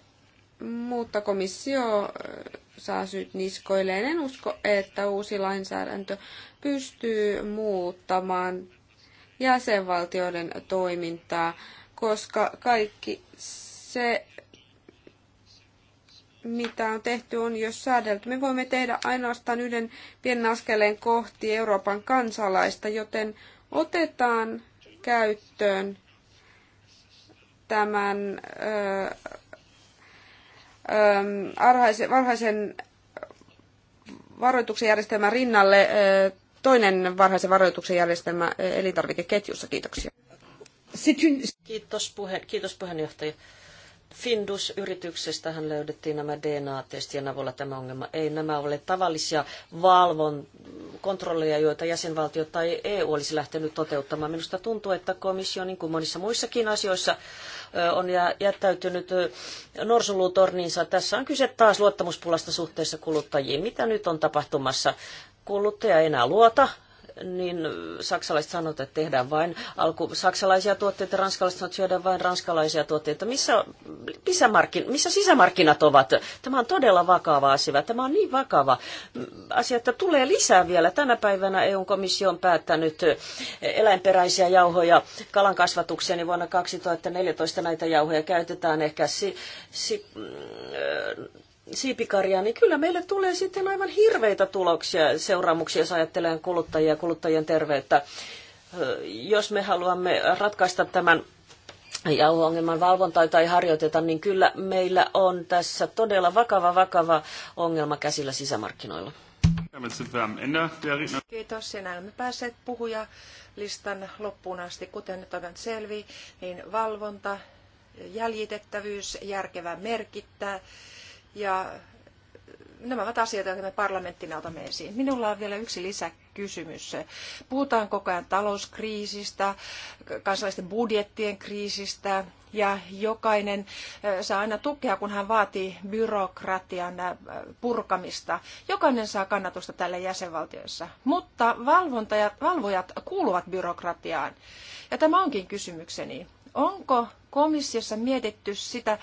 mutta komissio eh, saa syyt niskoilleen. En usko, että uusi lainsäädäntö pystyy muuttamaan jäsenvaltioiden toimintaa, koska kaikki se, mitä on tehty, on jo säädelty. Me voimme tehdä ainoastaan yhden pienen askeleen kohti Euroopan kansalaista, joten otetaan käyttöön tämän ö, ö, arhaisen, varhaisen varoituksen järjestelmän rinnalle ö, toinen varhaisen varoituksen järjestelmä elintarvikeketjussa. Kiitoksia. Kiitos, puhe, kiitos puheenjohtaja. Findus-yrityksestähän löydettiin nämä DNA-testien avulla tämä ongelma. Ei nämä ole tavallisia valvon kontrolleja, joita jäsenvaltiot tai EU olisi lähtenyt toteuttamaan. Minusta tuntuu, että komissio, niin kuin monissa muissakin asioissa, on jättäytynyt norsulutorniinsa. Tässä on kyse taas luottamuspulasta suhteessa kuluttajiin. Mitä nyt on tapahtumassa? Kuluttaja ei enää luota niin saksalaiset sanovat, että tehdään vain alku, saksalaisia tuotteita, ranskalaiset sanovat, että syödään vain ranskalaisia tuotteita. Missä, missä sisämarkkinat ovat? Tämä on todella vakava asia. Tämä on niin vakava asia, että tulee lisää vielä. Tänä päivänä EU-komissio on päättänyt eläinperäisiä jauhoja kalan kasvatukseen, niin vuonna 2014 näitä jauhoja käytetään ehkä si, si, siipikarjaa, niin kyllä meille tulee sitten aivan hirveitä tuloksia seuraamuksia, jos ajattelee kuluttajia ja kuluttajien terveyttä. Jos me haluamme ratkaista tämän jauho-ongelman valvontaa tai harjoiteta, niin kyllä meillä on tässä todella vakava, vakava ongelma käsillä sisämarkkinoilla. Kiitos. Ja näin olemme päässeet puhujalistan loppuun asti. Kuten nyt on selvi, niin valvonta, jäljitettävyys, järkevä merkittää ja äh, nämä ovat asioita, joita me parlamenttina otamme esiin. Minulla on vielä yksi lisäkysymys. Puhutaan koko ajan talouskriisistä, kansalaisten budjettien kriisistä ja jokainen äh, saa aina tukea, kun hän vaatii byrokratian äh, purkamista. Jokainen saa kannatusta tälle jäsenvaltioissa, mutta valvontajat, valvojat kuuluvat byrokratiaan. Ja tämä onkin kysymykseni. Onko komissiossa mietitty sitä,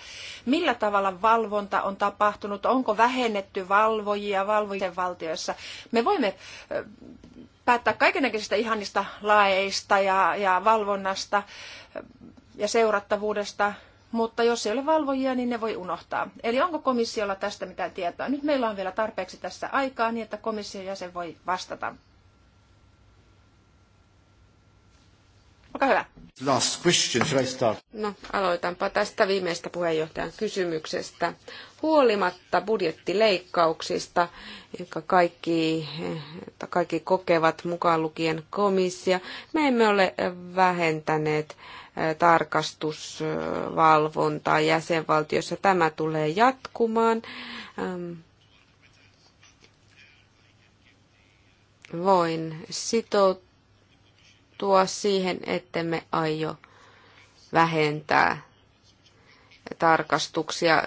millä tavalla valvonta on tapahtunut, onko vähennetty valvojia valvojien valtioissa. Me voimme päättää kaikenlaisista ihanista laeista ja, ja valvonnasta ja seurattavuudesta, mutta jos ei ole valvojia, niin ne voi unohtaa. Eli onko komissiolla tästä mitään tietoa? Nyt meillä on vielä tarpeeksi tässä aikaa niin, että komission jäsen voi vastata. Olkaa hyvä. Last question, should I start? No, aloitanpa tästä viimeistä puheenjohtajan kysymyksestä. Huolimatta budjettileikkauksista, jotka kaikki, kaikki kokevat mukaan lukien komissia, me emme ole vähentäneet eh, tarkastusvalvontaa jäsenvaltiossa. Tämä tulee jatkumaan. Ehm, voin sitoutua tuo siihen, me aio vähentää tarkastuksia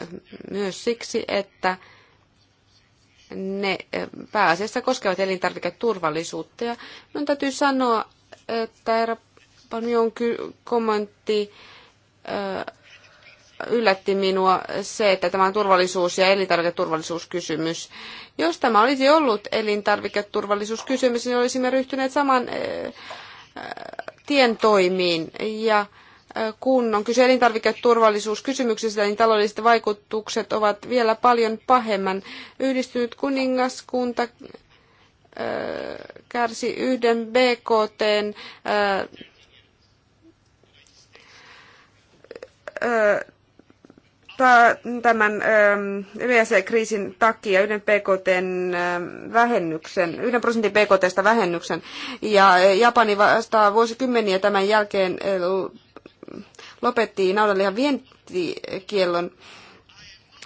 myös siksi, että ne eh, pääasiassa koskevat elintarviketurvallisuutta. Ja minun täytyy sanoa, että herra Palmion kommentti eh, yllätti minua se, että tämä turvallisuus- ja elintarviketurvallisuuskysymys. Jos tämä olisi ollut elintarviketurvallisuuskysymys, niin olisimme ryhtyneet saman eh, tientoimiin. ja kun on kyse elintarviketurvallisuuskysymyksistä, niin taloudelliset vaikutukset ovat vielä paljon pahemman. Yhdistynyt kuningaskunta kärsi yhden BKT tämän VC-kriisin ähm, takia yhden PKTn ähm, vähennyksen, yhden prosentin PKTstä vähennyksen. Ja äh, Japani vasta vuosikymmeniä tämän jälkeen äh, lopetti naudanlihan vientikiellon.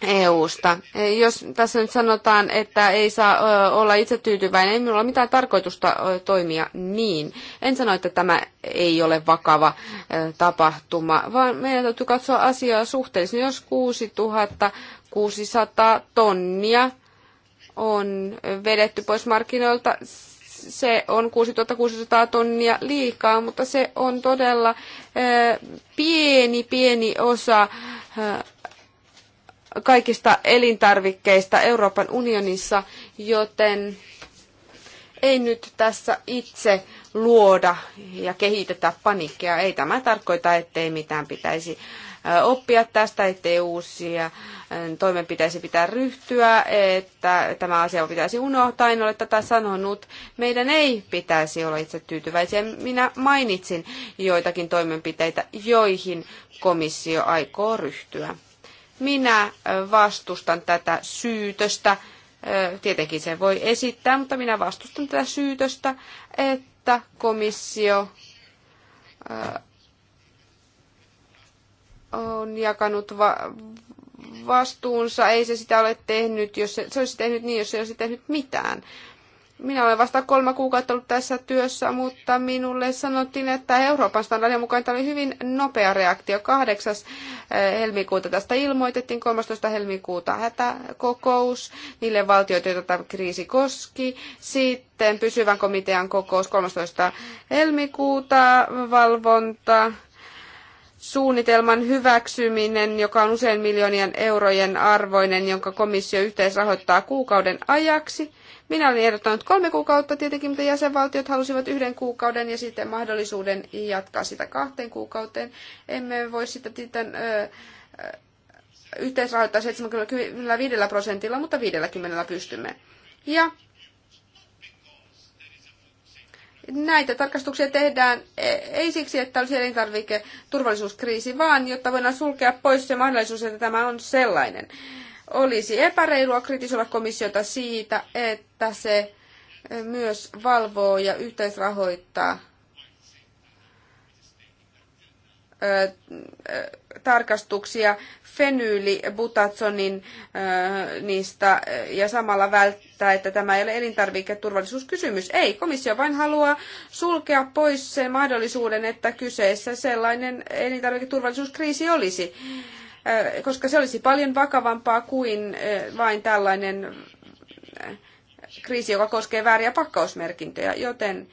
EUsta. Jos tässä nyt sanotaan, että ei saa olla tyytyväinen, ei minulla ole mitään tarkoitusta toimia niin. En sano, että tämä ei ole vakava tapahtuma, vaan meidän täytyy katsoa asiaa suhteellisesti. Jos 6600 tonnia on vedetty pois markkinoilta, se on 6600 tonnia liikaa, mutta se on todella pieni, pieni osa kaikista elintarvikkeista Euroopan unionissa, joten ei nyt tässä itse luoda ja kehitetä paniikkia. Ei tämä tarkoita, ettei mitään pitäisi oppia tästä, ettei uusia toimenpiteisiä pitää ryhtyä, että tämä asia pitäisi unohtaa. En ole tätä sanonut. Meidän ei pitäisi olla itse tyytyväisiä. Minä mainitsin joitakin toimenpiteitä, joihin komissio aikoo ryhtyä. Minä vastustan tätä syytöstä. Tietenkin sen voi esittää, mutta minä vastustan tätä syytöstä, että komissio on jakanut va- vastuunsa. Ei se sitä ole tehnyt, jos se, se olisi tehnyt niin, jos se ei olisi tehnyt mitään. Minä olen vasta kolme kuukautta ollut tässä työssä, mutta minulle sanottiin, että Euroopan standardin mukaan tämä oli hyvin nopea reaktio. 8. Eh, helmikuuta tästä ilmoitettiin, 13. helmikuuta hätäkokous niille valtioille, joita tämä kriisi koski. Sitten pysyvän komitean kokous 13. helmikuuta, valvonta, suunnitelman hyväksyminen, joka on usein miljoonien eurojen arvoinen, jonka komissio yhteisrahoittaa kuukauden ajaksi – minä olin ehdottanut kolme kuukautta tietenkin, mutta jäsenvaltiot halusivat yhden kuukauden ja sitten mahdollisuuden jatkaa sitä kahteen kuukauteen. Emme voi sitä sitten ö, yhteisrahoittaa 75 prosentilla, mutta 50 pystymme. Ja näitä tarkastuksia tehdään e, ei siksi, että olisi elintarvike turvallisuuskriisi, vaan jotta voidaan sulkea pois se mahdollisuus, että tämä on sellainen. Olisi epäreilua kritisoida komissiota siitä, että se eh, myös valvoo ja yhteisrahoittaa eh, eh, tarkastuksia fenyylibutatsonin niistä ja samalla välttää, että tämä ei ole elintarviketurvallisuuskysymys. Ei, komissio vain haluaa sulkea pois sen mahdollisuuden, että kyseessä sellainen elintarviketurvallisuuskriisi olisi koska se olisi paljon vakavampaa kuin vain tällainen kriisi, joka koskee vääriä pakkausmerkintöjä, joten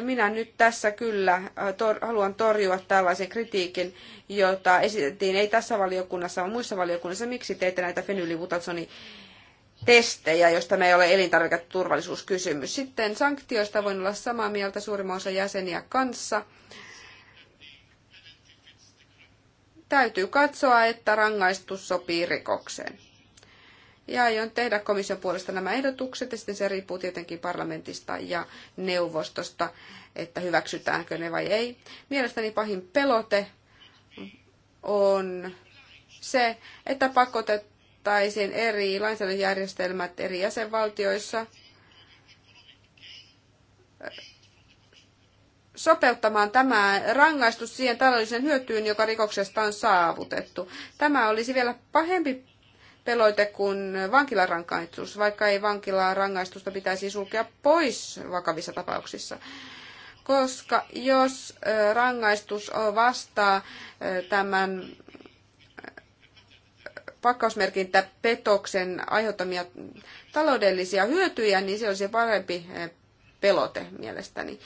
minä nyt tässä kyllä haluan torjua tällaisen kritiikin, jota esitettiin ei tässä valiokunnassa, vaan muissa valiokunnissa. Miksi teitte näitä fenyylibutatsoni testejä, josta me ei ole elintarviketurvallisuuskysymys. Sitten sanktioista voin olla samaa mieltä suurimman osa jäseniä kanssa. täytyy katsoa, että rangaistus sopii rikokseen. Ja aion tehdä komission puolesta nämä ehdotukset, ja sitten se riippuu tietenkin parlamentista ja neuvostosta, että hyväksytäänkö ne vai ei. Mielestäni pahin pelote on se, että pakotettaisiin eri lainsäädäntöjärjestelmät eri jäsenvaltioissa sopeuttamaan tämä rangaistus siihen taloudelliseen hyötyyn, joka rikoksesta on saavutettu. Tämä olisi vielä pahempi peloite kuin vankilarangaistus, vaikka ei vankilarangaistusta pitäisi sulkea pois vakavissa tapauksissa. Koska jos rangaistus vastaa tämän pakkausmerkintä petoksen aiheuttamia taloudellisia hyötyjä, niin se olisi parempi pelote mielestäni.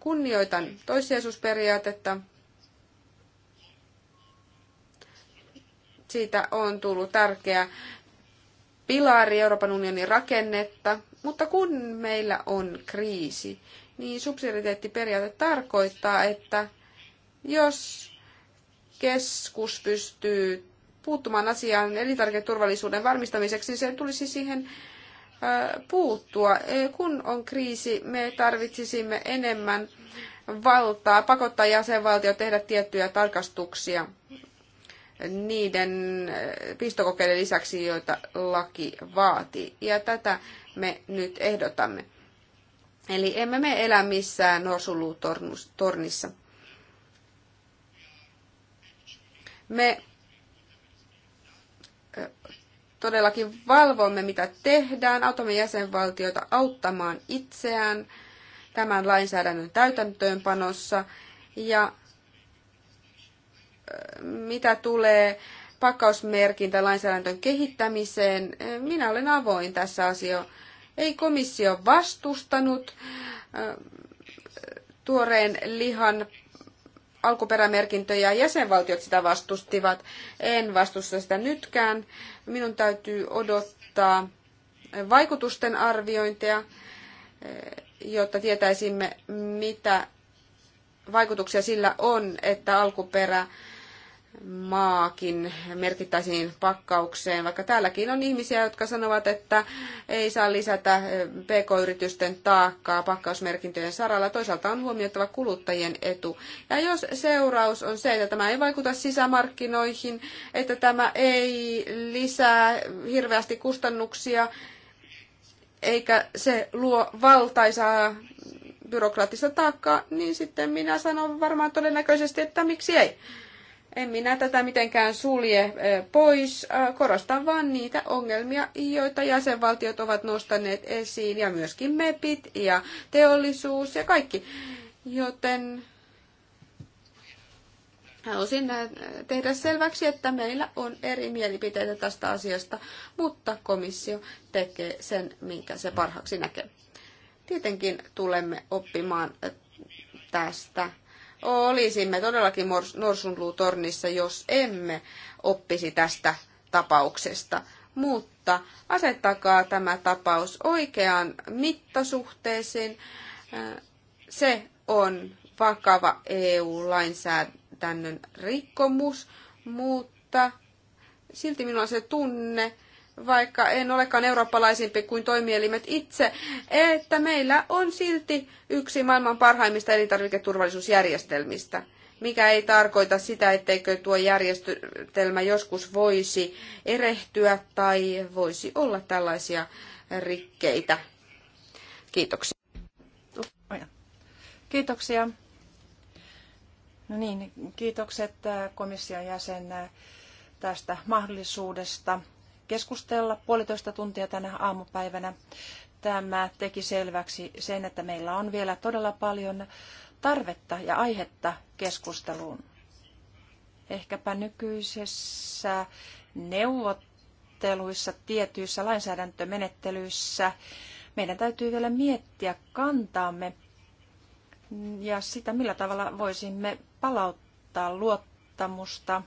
Kunnioitan toissijaisuusperiaatetta. Siitä on tullut tärkeä pilari Euroopan unionin rakennetta, mutta kun meillä on kriisi, niin subsidiariteettiperiaate tarkoittaa, että jos keskus pystyy puuttumaan asiaan elintarviketurvallisuuden varmistamiseksi, niin sen tulisi siihen puuttua. E, kun on kriisi, me tarvitsisimme enemmän valtaa pakottaa jäsenvaltio tehdä tiettyjä tarkastuksia niiden pistokokeiden lisäksi, joita laki vaatii. Ja tätä me nyt ehdotamme. Eli emme me elä missään norsulutornissa. Me todellakin valvomme, mitä tehdään, autamme jäsenvaltioita auttamaan itseään tämän lainsäädännön täytäntöönpanossa. Ja mitä tulee pakkausmerkintä lainsäädäntön kehittämiseen, minä olen avoin tässä asia. Ei komissio vastustanut tuoreen lihan alkuperämerkintöjä jäsenvaltiot sitä vastustivat. En vastusta sitä nytkään. Minun täytyy odottaa vaikutusten arviointeja, jotta tietäisimme, mitä vaikutuksia sillä on, että alkuperä maakin merkittäisiin pakkaukseen, vaikka täälläkin on ihmisiä, jotka sanovat, että ei saa lisätä eh, pk-yritysten taakkaa pakkausmerkintöjen saralla. Toisaalta on huomioitava kuluttajien etu. Ja jos seuraus on se, että tämä ei vaikuta sisämarkkinoihin, että tämä ei lisää hirveästi kustannuksia, eikä se luo valtaisaa byrokraattista taakkaa, niin sitten minä sanon varmaan todennäköisesti, että miksi ei. En minä tätä mitenkään sulje eh, pois. Eh, korostan vain niitä ongelmia, joita jäsenvaltiot ovat nostaneet esiin, ja myöskin MEPit ja teollisuus ja kaikki. Joten haluaisin eh, tehdä selväksi, että meillä on eri mielipiteitä tästä asiasta, mutta komissio tekee sen, minkä se parhaaksi näkee. Tietenkin tulemme oppimaan tästä Olisimme todellakin norsunluutornissa, jos emme oppisi tästä tapauksesta. Mutta asettakaa tämä tapaus oikeaan mittasuhteeseen. Se on vakava EU-lainsäädännön rikkomus, mutta silti minulla on se tunne, vaikka en olekaan eurooppalaisempi kuin toimielimet itse, että meillä on silti yksi maailman parhaimmista elintarviketurvallisuusjärjestelmistä, mikä ei tarkoita sitä, etteikö tuo järjestelmä joskus voisi erehtyä tai voisi olla tällaisia rikkeitä. Kiitoksia. Oh, Kiitoksia. No niin, kiitokset komission jäsen tästä mahdollisuudesta keskustella puolitoista tuntia tänä aamupäivänä. Tämä teki selväksi sen, että meillä on vielä todella paljon tarvetta ja aihetta keskusteluun. Ehkäpä nykyisessä neuvotteluissa, tietyissä lainsäädäntömenettelyissä meidän täytyy vielä miettiä kantaamme ja sitä, millä tavalla voisimme palauttaa luottamusta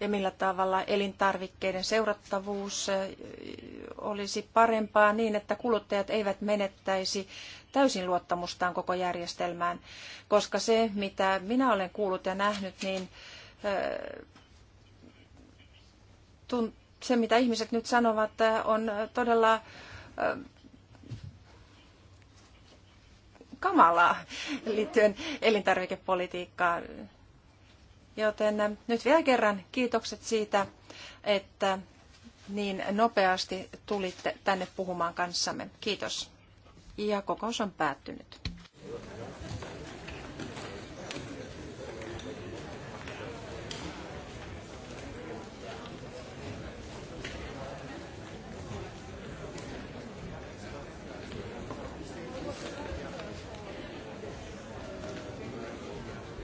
ja millä tavalla elintarvikkeiden seurattavuus olisi parempaa niin, että kuluttajat eivät menettäisi täysin luottamustaan koko järjestelmään, koska se, mitä minä olen kuullut ja nähnyt, niin se, mitä ihmiset nyt sanovat, on todella kamalaa liittyen elintarvikepolitiikkaan Joten nyt vielä kerran kiitokset siitä, että niin nopeasti tulitte tänne puhumaan kanssamme. Kiitos. Ja kokous on päättynyt.